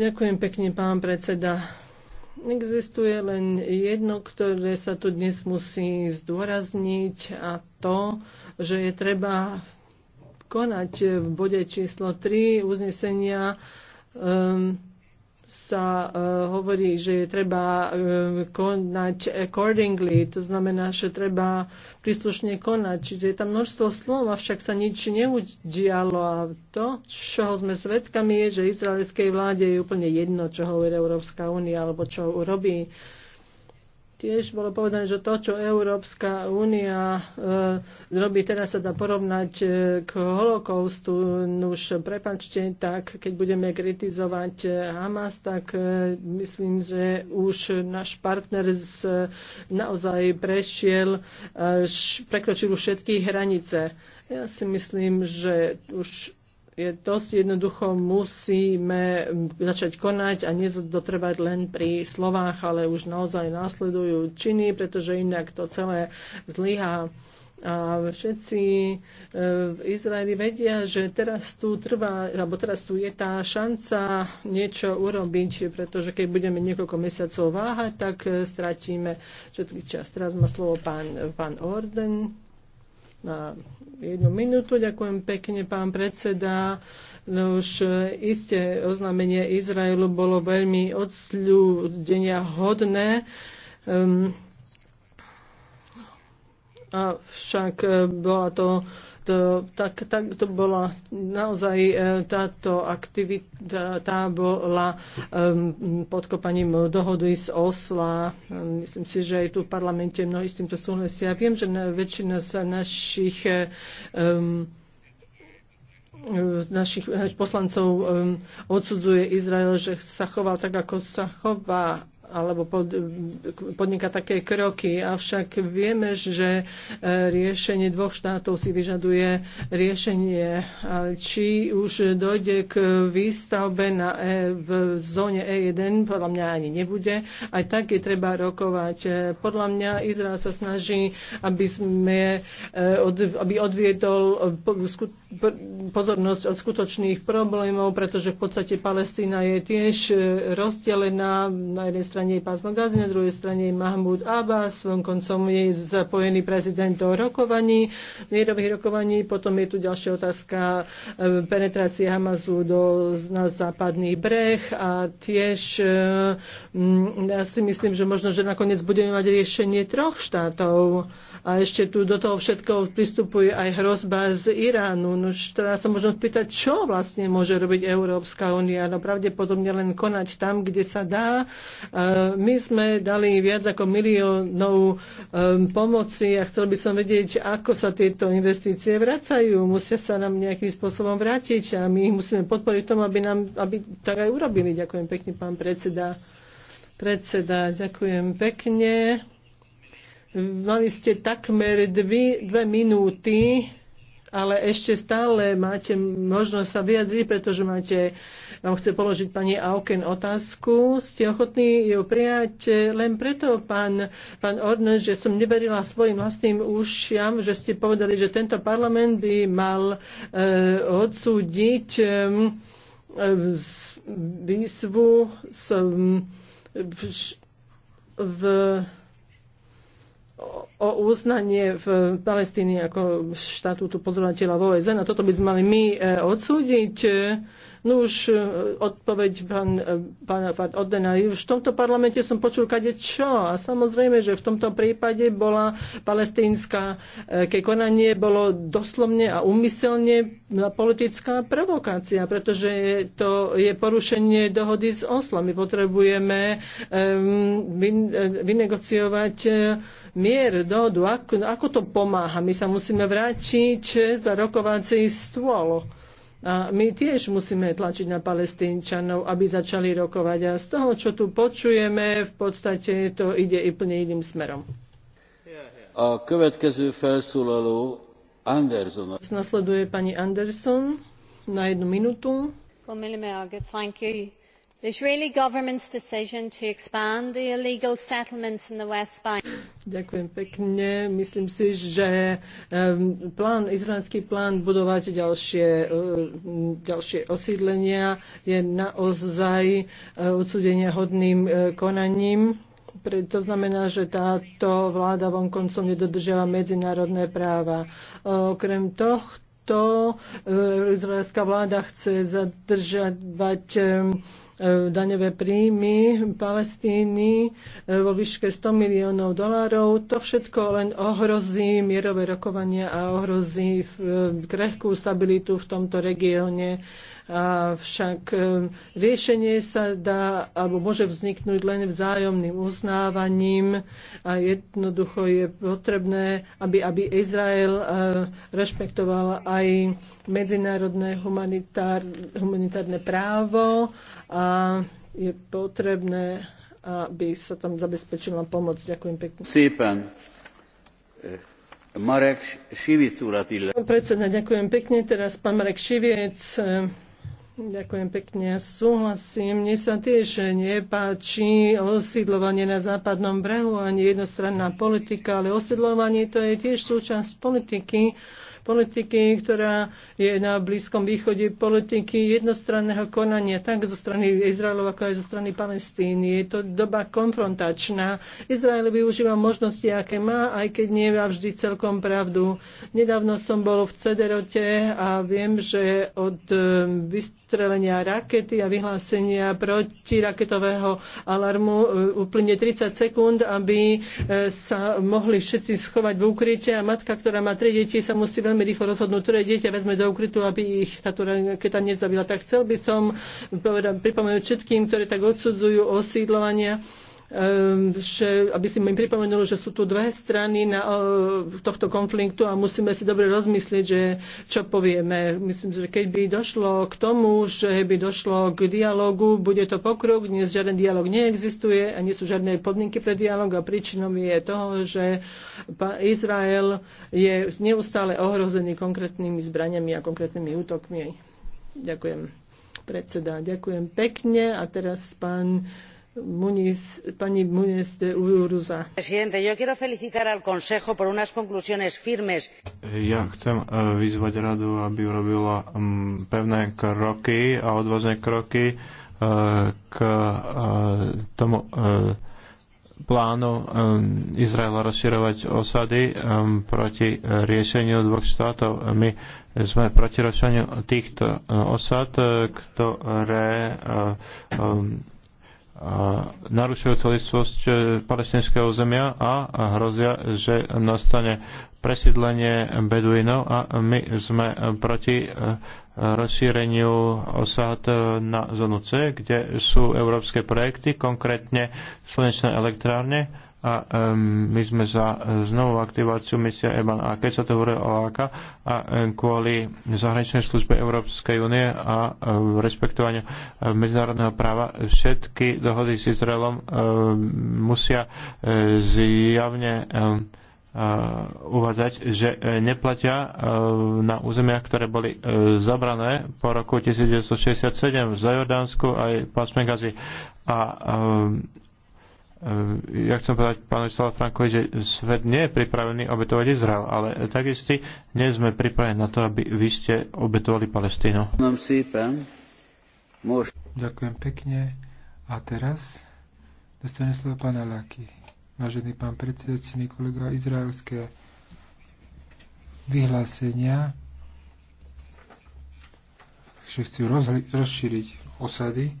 Ďakujem pekne, pán predseda. Existuje len jedno, ktoré sa tu dnes musí zdôrazniť a to, že je treba konať v bode číslo 3 uznesenia um, sa uh, hovorí, že je treba uh, konať accordingly, to znamená, že treba príslušne konať. Čiže je tam množstvo slov, avšak sa nič neudialo. A to, čoho sme svedkami, je, že izraelskej vláde je úplne jedno, čo hovorí Európska únia alebo čo urobí. Uh, Tiež bolo povedané, že to, čo Európska únia e, robí, teraz sa dá porovnať e, k holokaustu. Už prepačte, tak keď budeme kritizovať e, Hamas, tak e, myslím, že už náš partner z, e, naozaj prešiel, e, š, prekročil všetky hranice. Ja si myslím, že už je si jednoducho musíme začať konať a nezdotrvať len pri slovách, ale už naozaj následujú činy, pretože inak to celé zlyhá. A všetci e, v Izraeli vedia, že teraz tu trvá, alebo teraz tu je tá šanca niečo urobiť, pretože keď budeme niekoľko mesiacov váhať, tak e, stratíme všetký čas. Teraz má slovo pán, pán Orden na jednu minútu. Ďakujem pekne, pán predseda. No už e, isté oznámenie Izraelu bolo veľmi odsľudenia hodné. Um, ehm, avšak e, bola to to, tak, tak to bola naozaj e, táto aktivita, tá bola um, podkopaním dohody z Osla. Myslím si, že aj tu v parlamente mnohí s týmto súhlasia. Viem, že väčšina sa našich um, našich e, poslancov um, odsudzuje Izrael, že sa choval tak, ako sa chová, alebo pod, podniká také kroky. Avšak vieme, že e, riešenie dvoch štátov si vyžaduje riešenie, či už dojde k výstavbe na e, v zóne E1, podľa mňa ani nebude. Aj tak je treba rokovať. E, podľa mňa Izrael sa snaží, aby, sme, e, aby odviedol pozornosť od skutočných problémov, pretože v podstate Palestína je tiež rozdelená na jednej strane strane je pán Gazi, na druhej strane je Mahmud Abbas, koncom je zapojený prezident do rokovaní, mierových rokovaní. Potom je tu ďalšia otázka eh, penetrácie Hamazu do, na západný breh a tiež eh, mm, ja si myslím, že možno, že nakoniec budeme mať riešenie troch štátov a ešte tu do toho všetko pristupuje aj hrozba z Iránu. No teraz sa možno spýtať, čo vlastne môže robiť Európska únia. No pravdepodobne len konať tam, kde sa dá. My sme dali viac ako miliónov um, pomoci a chcel by som vedieť, ako sa tieto investície vracajú. Musia sa nám nejakým spôsobom vrátiť a my ich musíme podporiť tomu, aby nám aby tak aj urobili. Ďakujem pekne, pán predseda. Predseda, ďakujem pekne. Mali ste takmer dvi, dve minúty, ale ešte stále máte možnosť sa vyjadriť, pretože máte, vám chce položiť pani Auken otázku. Ste ochotní ju prijať len preto, pán, pán Ornes, že som neverila svojim vlastným ušiam, že ste povedali, že tento parlament by mal e, odsúdiť e, výzvu v. v, v o uznanie v Palestíny ako štatútu pozorovateľa v OSN a toto by sme mali my eh, odsúdiť No už e, odpoveď pán, e, pána pán Už v tomto parlamente som počul kade čo. A samozrejme, že v tomto prípade bola palestínska, e, keď konanie bolo doslovne a umyselne politická provokácia, pretože to je porušenie dohody s Oslo. My potrebujeme vynegociovať mier, dohodu. Ako, ako to pomáha? My sa musíme vrátiť za rokovací stôl a my tiež musíme tlačiť na palestínčanov, aby začali rokovať. A z toho, čo tu počujeme, v podstate to ide i plne iným smerom. A következő felszólaló Anderson. Nasleduje pani Anderson na jednu minútu. Komilme a the israeli government's decision to expand the illegal settlements in the west bank Ďakujem pekne. Myslím si, že plán, izraelský plán budovať ďalšie, e, ďalšie osídlenia je naozaj e, odsudenia hodným e, konaním. To znamená, že táto vláda vonkoncom nedodržiava medzinárodné práva. Okrem tohto izraelská vláda chce zadržať E, daňové príjmy Palestíny e, vo výške 100 miliónov dolárov. To všetko len ohrozí mierové rokovania a ohrozí e, krehkú stabilitu v tomto regióne Avšak e, riešenie sa dá alebo môže vzniknúť len vzájomným uznávaním a jednoducho je potrebné, aby, aby Izrael e, rešpektoval aj medzinárodné humanitár, humanitárne právo a je potrebné, aby sa tam zabezpečila pomoc. Ďakujem pekne. Szépen. Marek Šivic Predseda, ďakujem pekne. Teraz pán Marek Šiviec. Ďakujem pekne. Súhlasím. Mne sa tiež nepáči osídlovanie na západnom brehu ani jednostranná politika, ale osídlovanie to je tiež súčasť politiky politiky, ktorá je na Blízkom východe politiky jednostranného konania, tak zo strany Izraelov, ako aj zo strany Palestíny. Je to doba konfrontačná. Izrael využíva možnosti, aké má, aj keď nie má vždy celkom pravdu. Nedávno som bol v Cederote a viem, že od e, vystrelenia rakety a vyhlásenia protiraketového alarmu úplne e, 30 sekúnd, aby e, sa mohli všetci schovať v úkryte a matka, ktorá má tri deti, sa musí veľmi veľmi rýchlo rozhodnúť, ktoré dieťa vezme do ukrytu, aby ich táto raketa nezabila. Tak chcel by som povedať, pripomenúť všetkým, ktoré tak odsudzujú osídlovania, Ehm, že, aby si mi pripomenul, že sú tu dve strany na, tohto konfliktu a musíme si dobre rozmyslieť, že čo povieme. Myslím, že keď by došlo k tomu, že by došlo k dialogu, bude to pokrok, dnes žiaden dialog neexistuje a nie sú žiadne podmienky pre dialog a príčinou je toho, že Izrael je neustále ohrozený konkrétnymi zbraniami a konkrétnymi útokmi. Ďakujem predseda. Ďakujem pekne. A teraz pán Muniz, pani Muniz de Uruza. Presidente, yo quiero felicitar al Consejo por unas conclusiones firmes. Ja chcem eh, vyzvať radu, aby urobila mm, pevné kroky a odvážne kroky eh, k eh, tomu plánu Izraela rozširovať osady proti riešeniu dvoch štátov. My sme proti rozšireniu týchto osad, ktoré narušujú celistvosť e, palestinského zemia a hrozia, že nastane presídlenie Beduinov a my sme proti e, rozšíreniu OSAD na zónu C, kde sú európske projekty, konkrétne slnečné elektrárne a um, my sme za e, znovu aktiváciu misie EBAN. A keď sa to hovorí o AKA a um, kvôli zahraničnej službe Európskej únie a um, respektovaniu um, medzinárodného práva, všetky dohody s Izraelom um, musia um, zjavne um, uvádzať, že neplatia na územiach, ktoré boli zabrané po roku 1967 za Jordánsku aj pásme Gazy. A Eh, ja chcem povedať pánovi Frankovi, že svet nie je pripravený obetovať Izrael, ale takisto nie sme pripravení na to, aby vy ste obetovali Palestínu. Ďakujem pekne. A teraz dostane slovo pána Alaky. Vážený pán predsedateľný kolega, izraelské vyhlásenia, že chcú rozšíriť osady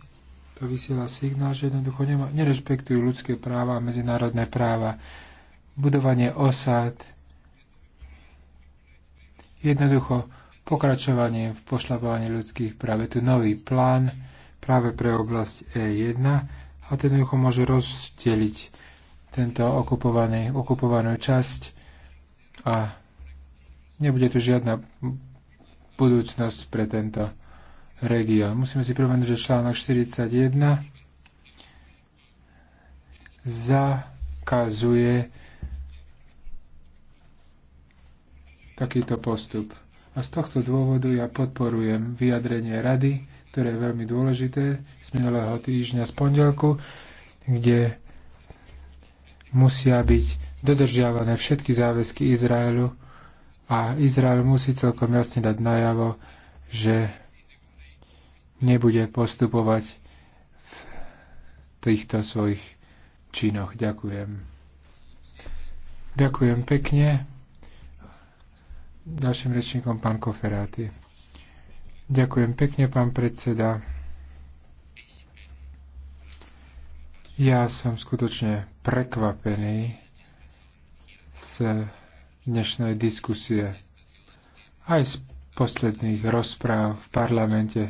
to vysiela signál, že jednoducho nema, nerešpektujú ľudské práva a medzinárodné práva. Budovanie osad, jednoducho pokračovanie v pošľapovaní ľudských práv. Je tu nový plán práve pre oblasť E1 a ten jednoducho môže rozdeliť tento okupovaný, okupovanú časť a nebude tu žiadna budúcnosť pre tento región. Musíme si pripomenúť, že článok 41 zakazuje takýto postup. A z tohto dôvodu ja podporujem vyjadrenie rady, ktoré je veľmi dôležité z minulého týždňa z pondelku, kde musia byť dodržiavané všetky záväzky Izraelu a Izrael musí celkom jasne dať najavo, že nebude postupovať v týchto svojich činoch. Ďakujem. Ďakujem pekne. Ďalším rečníkom pán Koferáty. Ďakujem pekne, pán predseda. Ja som skutočne prekvapený z dnešnej diskusie aj z posledných rozpráv v parlamente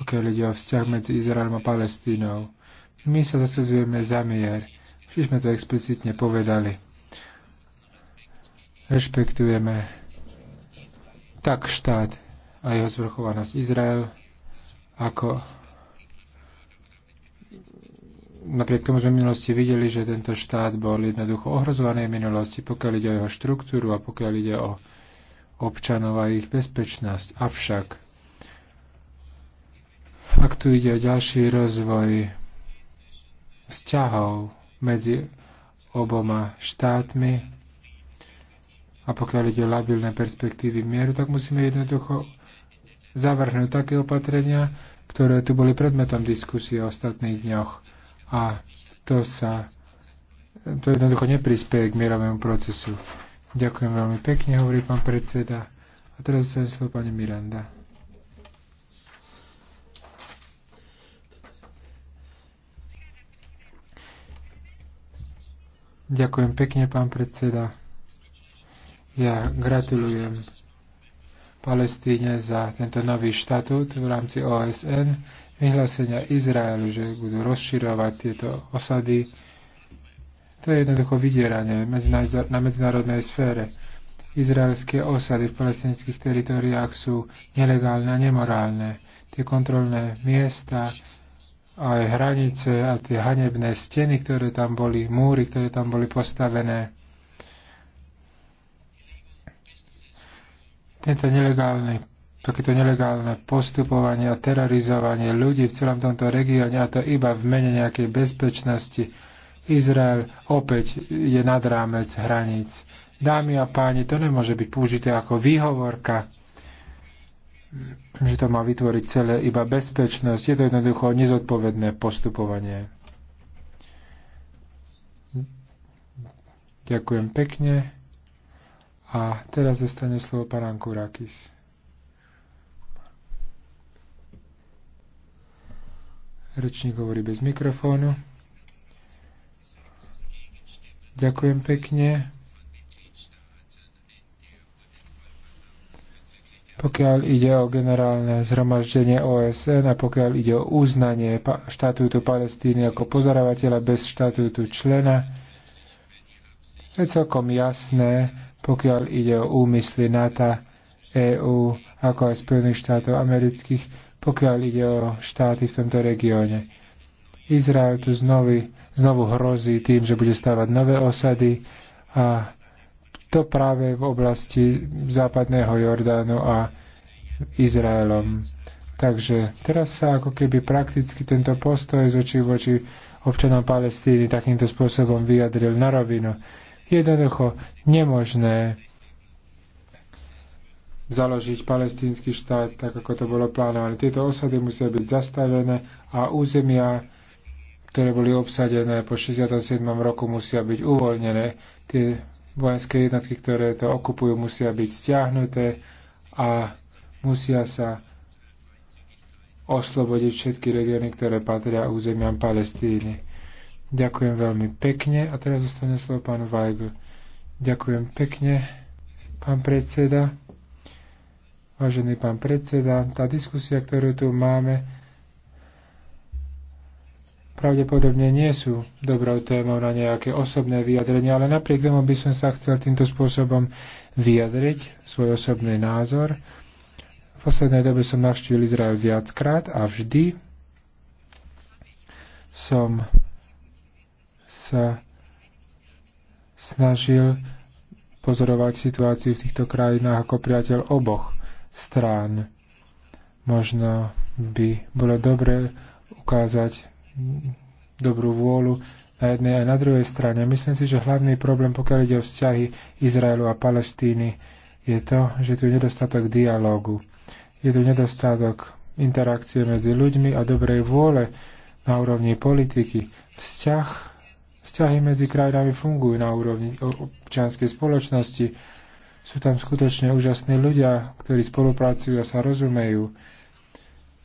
pokiaľ ide o vzťah medzi Izraelom a Palestínou. My sa zasezujeme za mier. Všetci sme to explicitne povedali. Rešpektujeme tak štát a jeho zvrchovanosť Izrael, ako napriek tomu sme v minulosti videli, že tento štát bol jednoducho ohrozovaný v minulosti, pokiaľ ide o jeho štruktúru a pokiaľ ide o občanov a ich bezpečnosť. Avšak ak tu ide o ďalší rozvoj vzťahov medzi oboma štátmi a pokiaľ ide o labilné perspektívy mieru, tak musíme jednoducho zavrhnúť také opatrenia, ktoré tu boli predmetom diskusie o ostatných dňoch. A to sa to jednoducho neprispieje k mierovému procesu. Ďakujem veľmi pekne, hovorí pán predseda. A teraz sa slovo pani Miranda. Ďakujem pekne, pán predseda. Ja gratulujem Palestíne za tento nový štatút v rámci OSN, vyhlásenia Izraelu, že budú rozširovať tieto osady. To je jednoducho vydieranie na medzinárodnej sfére. Izraelské osady v palestinských teritoriách sú nelegálne a nemorálne. Tie kontrolné miesta aj hranice a tie hanebné steny, ktoré tam boli, múry, ktoré tam boli postavené. Tento nelegálny, takéto nelegálne postupovanie a terorizovanie ľudí v celom tomto regióne a to iba v mene nejakej bezpečnosti. Izrael opäť je nad rámec hraníc. Dámy a páni, to nemôže byť použité ako výhovorka že to má vytvoriť celé iba bezpečnosť. Je to jednoducho nezodpovedné postupovanie. Ďakujem pekne. A teraz zostane slovo pán Rakis. Rečník hovorí bez mikrofónu. Ďakujem pekne. pokiaľ ide o generálne zhromaždenie OSN a pokiaľ ide o uznanie štatútu Palestíny ako pozorovateľa bez štatútu člena, je celkom jasné, pokiaľ ide o úmysly NATO, EÚ, ako aj Spojených štátov amerických, pokiaľ ide o štáty v tomto regióne. Izrael tu znovu, znovu hrozí tým, že bude stávať nové osady a to práve v oblasti západného Jordánu a Izraelom. Takže teraz sa ako keby prakticky tento postoj z očí voči občanom Palestíny takýmto spôsobom vyjadril na rovinu. Jednoducho nemožné založiť palestínsky štát, tak ako to bolo plánované. Tieto osady musia byť zastavené a územia, ktoré boli obsadené po 67. roku, musia byť uvoľnené. Tie vojenské jednotky, ktoré to okupujú, musia byť stiahnuté a musia sa oslobodiť všetky regióny, ktoré patria územiam Palestíny. Ďakujem veľmi pekne a teraz zostane slovo pán Weigl. Ďakujem pekne, pán predseda. Vážený pán predseda, tá diskusia, ktorú tu máme, pravdepodobne nie sú dobrou témou na nejaké osobné vyjadrenie, ale napriek tomu by som sa chcel týmto spôsobom vyjadriť svoj osobný názor. V poslednej dobe som navštívil Izrael viackrát a vždy som sa snažil pozorovať situáciu v týchto krajinách ako priateľ oboch strán. Možno by bolo dobre ukázať dobrú vôľu na jednej aj na druhej strane. Myslím si, že hlavný problém, pokiaľ ide o vzťahy Izraelu a Palestíny, je to, že tu je nedostatok dialógu. Je tu nedostatok interakcie medzi ľuďmi a dobrej vôle na úrovni politiky. Vzťah, vzťahy medzi krajinami fungujú na úrovni občianskej spoločnosti. Sú tam skutočne úžasní ľudia, ktorí spolupracujú a sa rozumejú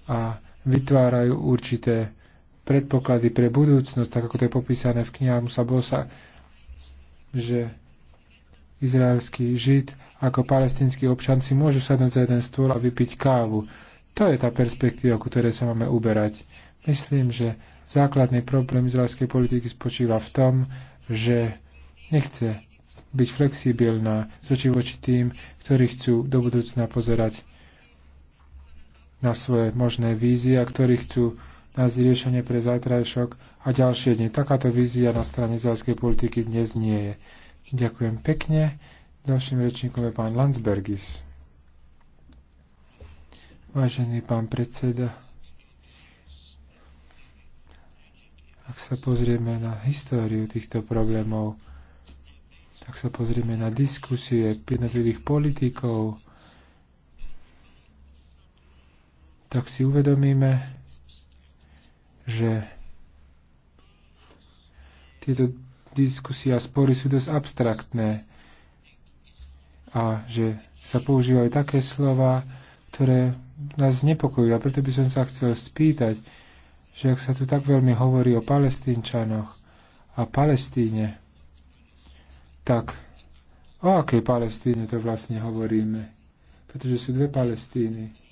a vytvárajú určité predpoklady pre budúcnosť, tak ako to je popísané v knihách Musabosa, že izraelský žid ako palestinský občan si môžu sadnúť za jeden stôl a vypiť kávu. To je tá perspektíva, ku ktorej sa máme uberať. Myslím, že základný problém izraelskej politiky spočíva v tom, že nechce byť flexibilná zoči voči tým, ktorí chcú do budúcna pozerať na svoje možné vízie a ktorí chcú na riešenie pre zajtrajšok a ďalšie dni. Takáto vízia na strane izraelskej politiky dnes nie je. Ďakujem pekne. Ďalším rečníkom je pán Landsbergis. Vážený pán predseda, ak sa pozrieme na históriu týchto problémov, ak sa pozrieme na diskusie jednotlivých politikov, tak si uvedomíme, že tieto diskusie a spory sú dosť abstraktné a že sa používajú také slova, ktoré nás znepokojujú. A preto by som sa chcel spýtať, že ak sa tu tak veľmi hovorí o palestínčanoch a Palestíne, tak o akej Palestíne to vlastne hovoríme? Pretože sú dve Palestíny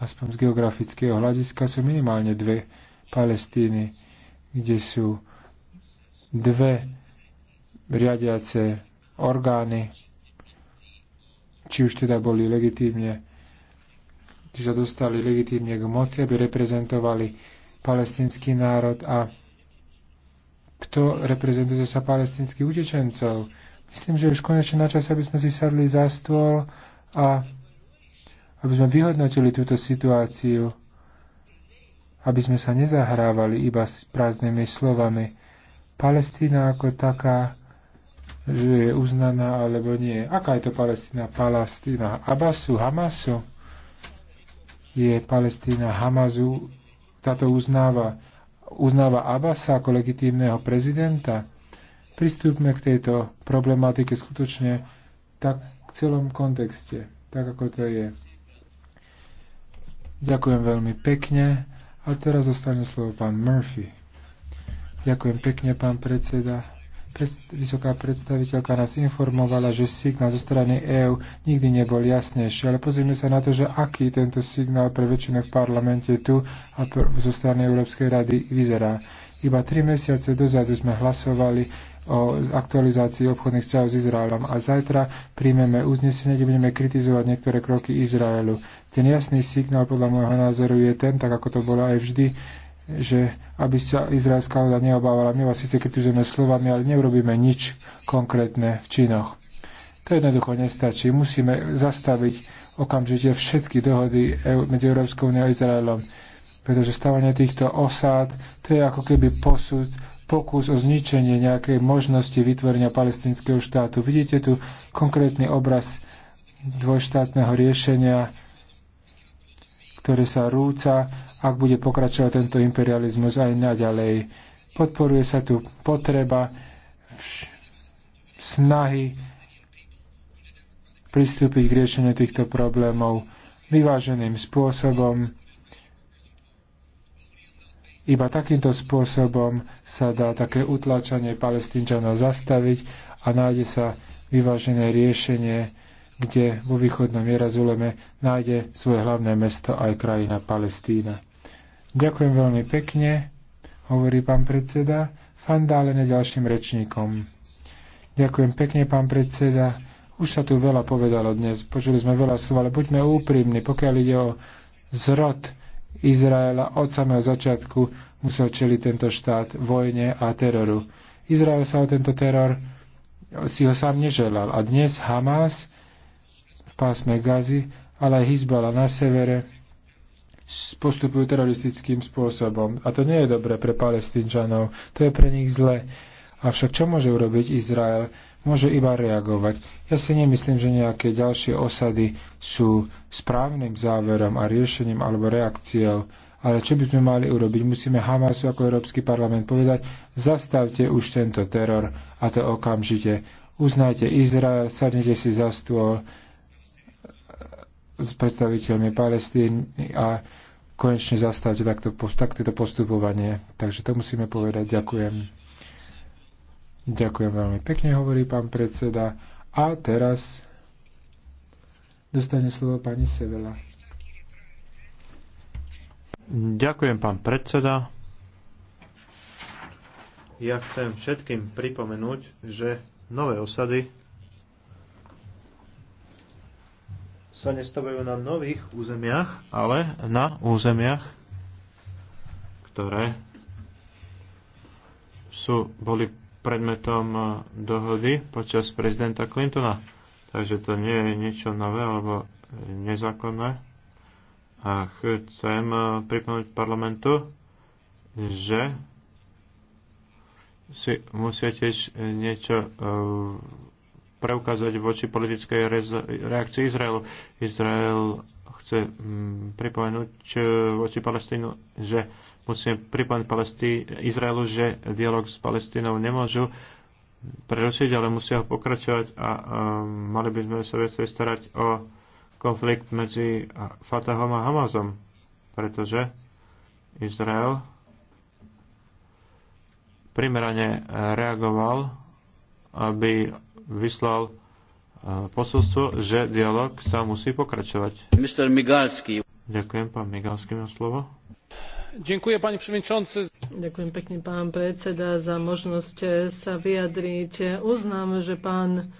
aspoň z geografického hľadiska, sú minimálne dve Palestíny, kde sú dve riadiace orgány, či už teda boli legitímne, či sa dostali legitímne k moci, aby reprezentovali palestinský národ a kto reprezentuje sa palestinských utečencov. Myslím, že už konečne na čas, aby sme si sadli za stôl a aby sme vyhodnotili túto situáciu, aby sme sa nezahrávali iba s prázdnymi slovami. Palestína ako taká, že je uznaná alebo nie. Aká je to Palestína? Palestína Abbasu, Hamasu? Je Palestína Hamazu, táto uznáva, uznáva Abasa ako legitímneho prezidenta? Pristúpme k tejto problematike skutočne tak v celom kontexte, tak ako to je. Ďakujem veľmi pekne. A teraz zostane slovo pán Murphy. Ďakujem pekne, pán predseda. vysoká predstaviteľka nás informovala, že signál zo strany EÚ nikdy nebol jasnejší, ale pozrieme sa na to, že aký tento signál pre väčšinu v parlamente tu a zo strany Európskej rady vyzerá. Iba tri mesiace dozadu sme hlasovali o aktualizácii obchodných vzťahov s Izraelom. A zajtra príjmeme uznesenie, kde budeme kritizovať niektoré kroky Izraelu. Ten jasný signál podľa môjho názoru je ten, tak ako to bolo aj vždy, že aby sa izraelská vláda neobávala. My vás síce kritizujeme slovami, ale neurobíme nič konkrétne v činoch. To jednoducho nestačí. Musíme zastaviť okamžite všetky dohody e medzi Európskou úniou a Izraelom, pretože stavanie týchto osád, to je ako keby posud pokus o zničenie nejakej možnosti vytvorenia palestinského štátu. Vidíte tu konkrétny obraz dvojštátneho riešenia, ktoré sa rúca, ak bude pokračovať tento imperializmus aj naďalej. Podporuje sa tu potreba snahy pristúpiť k riešeniu týchto problémov vyváženým spôsobom iba takýmto spôsobom sa dá také utlačanie palestínčanov zastaviť a nájde sa vyvážené riešenie, kde vo východnom Jeruzaleme nájde svoje hlavné mesto aj krajina Palestína. Ďakujem veľmi pekne, hovorí pán predseda. Fandálene ďalším rečníkom. Ďakujem pekne, pán predseda. Už sa tu veľa povedalo dnes, počuli sme veľa slov, ale buďme úprimní, pokiaľ ide o zrod Izraela od samého začiatku musel čeliť tento štát vojne a teroru. Izrael sa o tento teror si ho sám neželal. A dnes Hamas v pásme Gazy, ale aj Hizbala na severe postupujú teroristickým spôsobom. A to nie je dobre pre palestínčanov. To je pre nich zle. Avšak čo môže urobiť Izrael? môže iba reagovať. Ja si nemyslím, že nejaké ďalšie osady sú správnym záverom a riešením alebo reakciou. Ale čo by sme mali urobiť? Musíme Hamasu ako Európsky parlament povedať, zastavte už tento teror a to okamžite. Uznajte Izrael, sadnite si za stôl s predstaviteľmi Palestíny a konečne zastavte takto, takto postupovanie. Takže to musíme povedať. Ďakujem. Ďakujem veľmi pekne, hovorí pán predseda. A teraz dostane slovo pani Sevela. Ďakujem, pán predseda. Ja chcem všetkým pripomenúť, že nové osady sa nestavajú na nových územiach, ale na územiach, ktoré sú, boli predmetom e, dohody počas prezidenta Clintona. Takže to nie je niečo nové alebo e, nezákonné. A chcem e, pripomenúť parlamentu, že si musia tiež niečo preukázať voči politickej reakcii Izraelu. Izrael chce mm, pripomenúť voči Palestínu, že Musíme pripomínať Palestí, Izraelu, že dialog s Palestínou nemôžu prerušiť, ale musia ho pokračovať a um, mali by sme sa viacej starať o konflikt medzi Fatahom a Hamazom, pretože Izrael primerane reagoval, aby vyslal uh, posolstvo, že dialog sa musí pokračovať. Mr. Migalsky. Ďakujem, pán Migalsky, má slovo. Ďakujem, pani przewodniczący. Ďakujem pekne, pán predseda, za možnosť sa vyjadriť. Uznám, že pán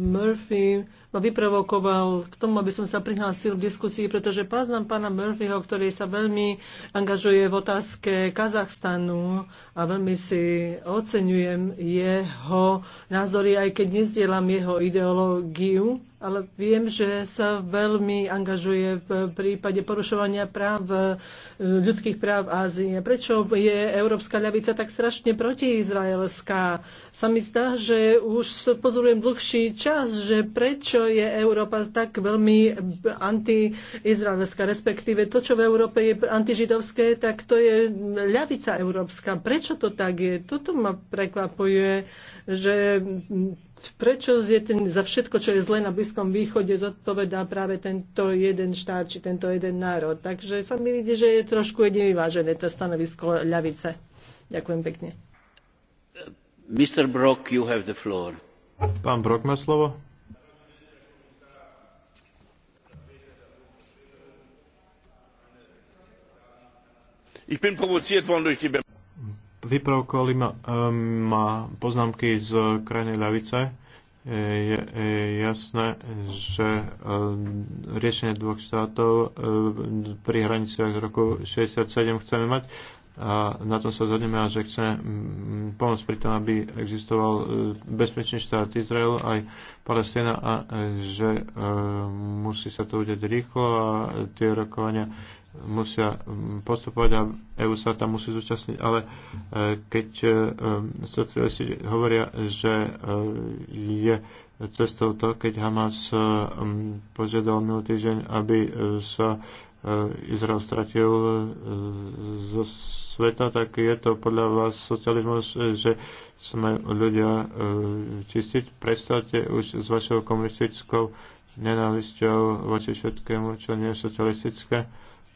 Murphy ma vyprovokoval k tomu, aby som sa prihlásil k diskusii, pretože poznám pána Murphyho, ktorý sa veľmi angažuje v otázke Kazachstanu a veľmi si oceňujem jeho názory, aj keď nezdielam jeho ideológiu, ale viem, že sa veľmi angažuje v prípade porušovania práv, e, ľudských práv Ázie. Prečo je európska ľavica tak strašne protiizraelská? sa mi zdá, že už pozorujem dlhší čas, že prečo je Európa tak veľmi antiizraelská, respektíve to, čo v Európe je antižidovské, tak to je ľavica európska. Prečo to tak je? Toto ma prekvapuje, že prečo je ten, za všetko, čo je zle na Blízkom východe, zodpovedá práve tento jeden štát či tento jeden národ. Takže sa mi vidí, že je trošku nevyvážené to stanovisko ľavice. Ďakujem pekne. Pán Brok má slovo. Vyprovokovali eh, ma, poznámky z krajnej ľavice. Eh, je, je eh, jasné, že riešenie dvoch štátov pri hraniciach roku 67 chceme mať a na tom sa zhodneme a že chce pomôcť pri tom, aby existoval e, bezpečný štát Izrael aj Palestina, a e, že e, musí sa to udeť rýchlo a tie rokovania musia postupovať a EU sa tam musí zúčastniť, ale keď socialisti hovoria, že je cestou to, keď Hamas požiadal minulý týždeň, aby sa Izrael stratil e, zo sveta, tak je to podľa vás socializmus, že sme ľudia e, čistiť. Predstavte už s vašou komunistickou nenávisťou voči všetkému, čo nie je socialistické,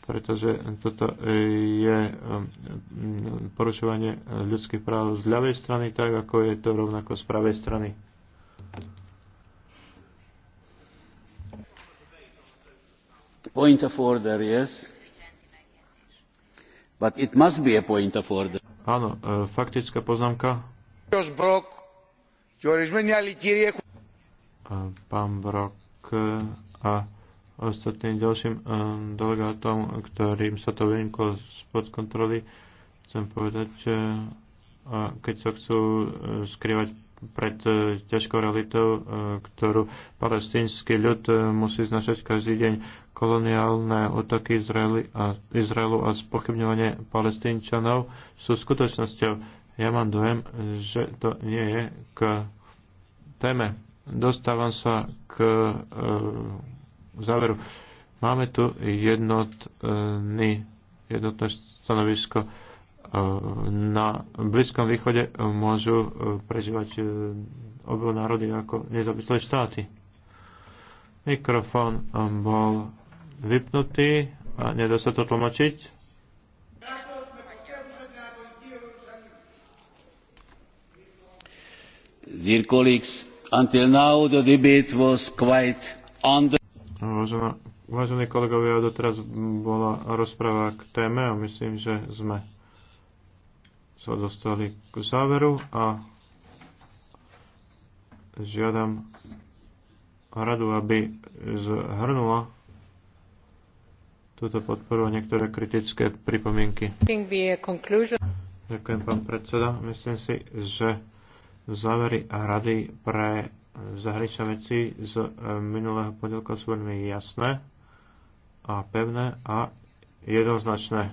pretože toto je e, porušovanie ľudských práv z ľavej strany, tak ako je to rovnako z pravej strany. point of order, yes. But it must be a point of order. Áno, e, faktická poznámka. Pán Brok e, a ostatným ďalším e, delegátom, ktorým sa to vyniklo spod kontroly, chcem povedať, e, keď sa chcú skrývať pred ťažkou realitou, ktorú palestínsky ľud musí znašať každý deň koloniálne útoky Izraeli a, Izraelu a spochybňovanie palestínčanov sú skutočnosťou. Ja mám dojem, že to nie je k téme. Dostávam sa k e, záveru. Máme tu jednotný, jednotné stanovisko. E, na Blízkom východe môžu e, prežívať e, obe národy ako nezávislé štáty. Mikrofón bol vypnutý a nedá sa to tlmočiť. Dear colleagues, until now the debate was quite under... vážení kolegovia, doteraz bola rozpráva k téme a myslím, že sme sa dostali k záveru a žiadam radu, aby zhrnula túto podporu a niektoré kritické pripomienky. Ďakujem, pán predseda. Myslím si, že závery a rady pre zahraničné veci z e, minulého pondelka sú veľmi jasné a pevné a jednoznačné.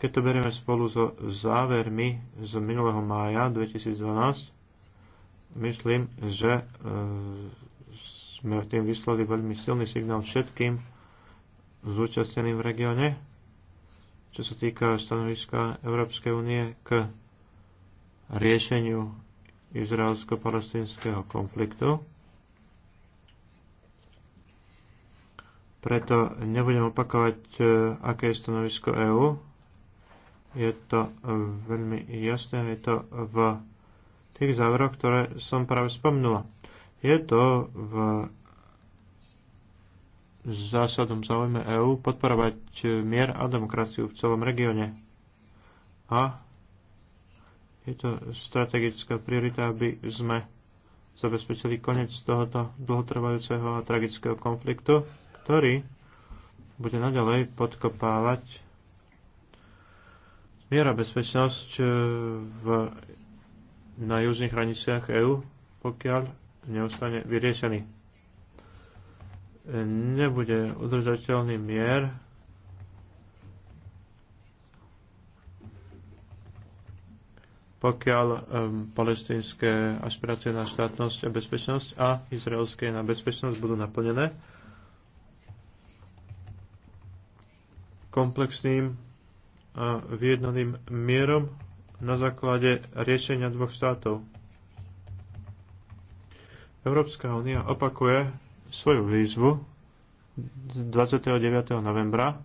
Keď to berieme spolu so závermi z minulého mája 2012, myslím, že e, sme tým vyslali veľmi silný signál všetkým zúčastneným v regióne, čo sa týka stanoviska Európskej únie k riešeniu izraelsko-palestinského konfliktu. Preto nebudem opakovať, e, aké je stanovisko EÚ. Je to veľmi jasné, je to v tých záveroch, ktoré som práve spomnula. Je to v zásadom záujme EÚ podporovať e, mier a demokraciu v celom regióne. A je to strategická priorita, aby sme zabezpečili koniec tohoto dlhotrvajúceho a tragického konfliktu, ktorý bude naďalej podkopávať miera bezpečnosť e, v, na južných hraniciach EÚ, pokiaľ neustane vyriešený nebude udržateľný mier, pokiaľ um, palestínske aspirácie na štátnosť a bezpečnosť a izraelské na bezpečnosť budú naplnené komplexným a vyjednaným mierom na základe riešenia dvoch štátov. Európska únia opakuje svoju výzvu z 29. novembra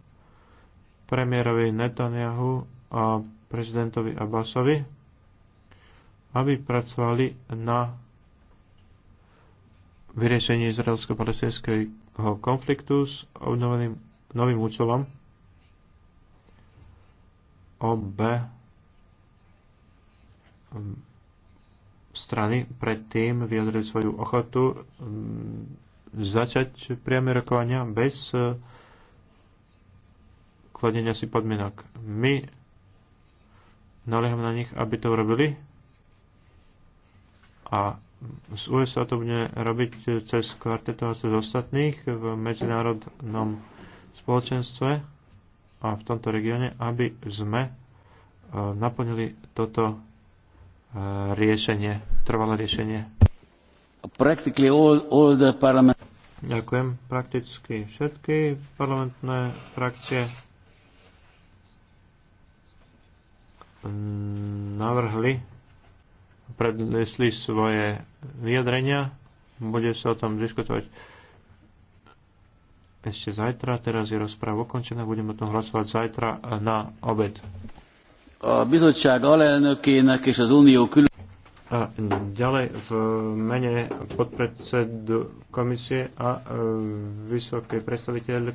premiérovi Netanyahu a prezidentovi Abbasovi, aby pracovali na vyriešení izraelsko-palestinského konfliktu s obnoveným novým účelom obe strany predtým vyjadrili svoju ochotu začať priame rokovania bez e, kladenia si podmienok. My naliehame na nich, aby to urobili a z USA to bude robiť cez kvartetov a cez ostatných v medzinárodnom spoločenstve a v tomto regióne, aby sme e, naplnili toto e, riešenie, trvalé riešenie. Practically all, all the Ďakujem. Prakticky všetky parlamentné frakcie navrhli, prednesli svoje vyjadrenia. Bude sa o tom diskutovať ešte zajtra. Teraz je rozpráva ukončená. Budeme o tom hlasovať zajtra na obed. A bizottság alelnökének és az unió külön... A ďalej v mene podpredsedu komisie a e, vysokej predstaviteľ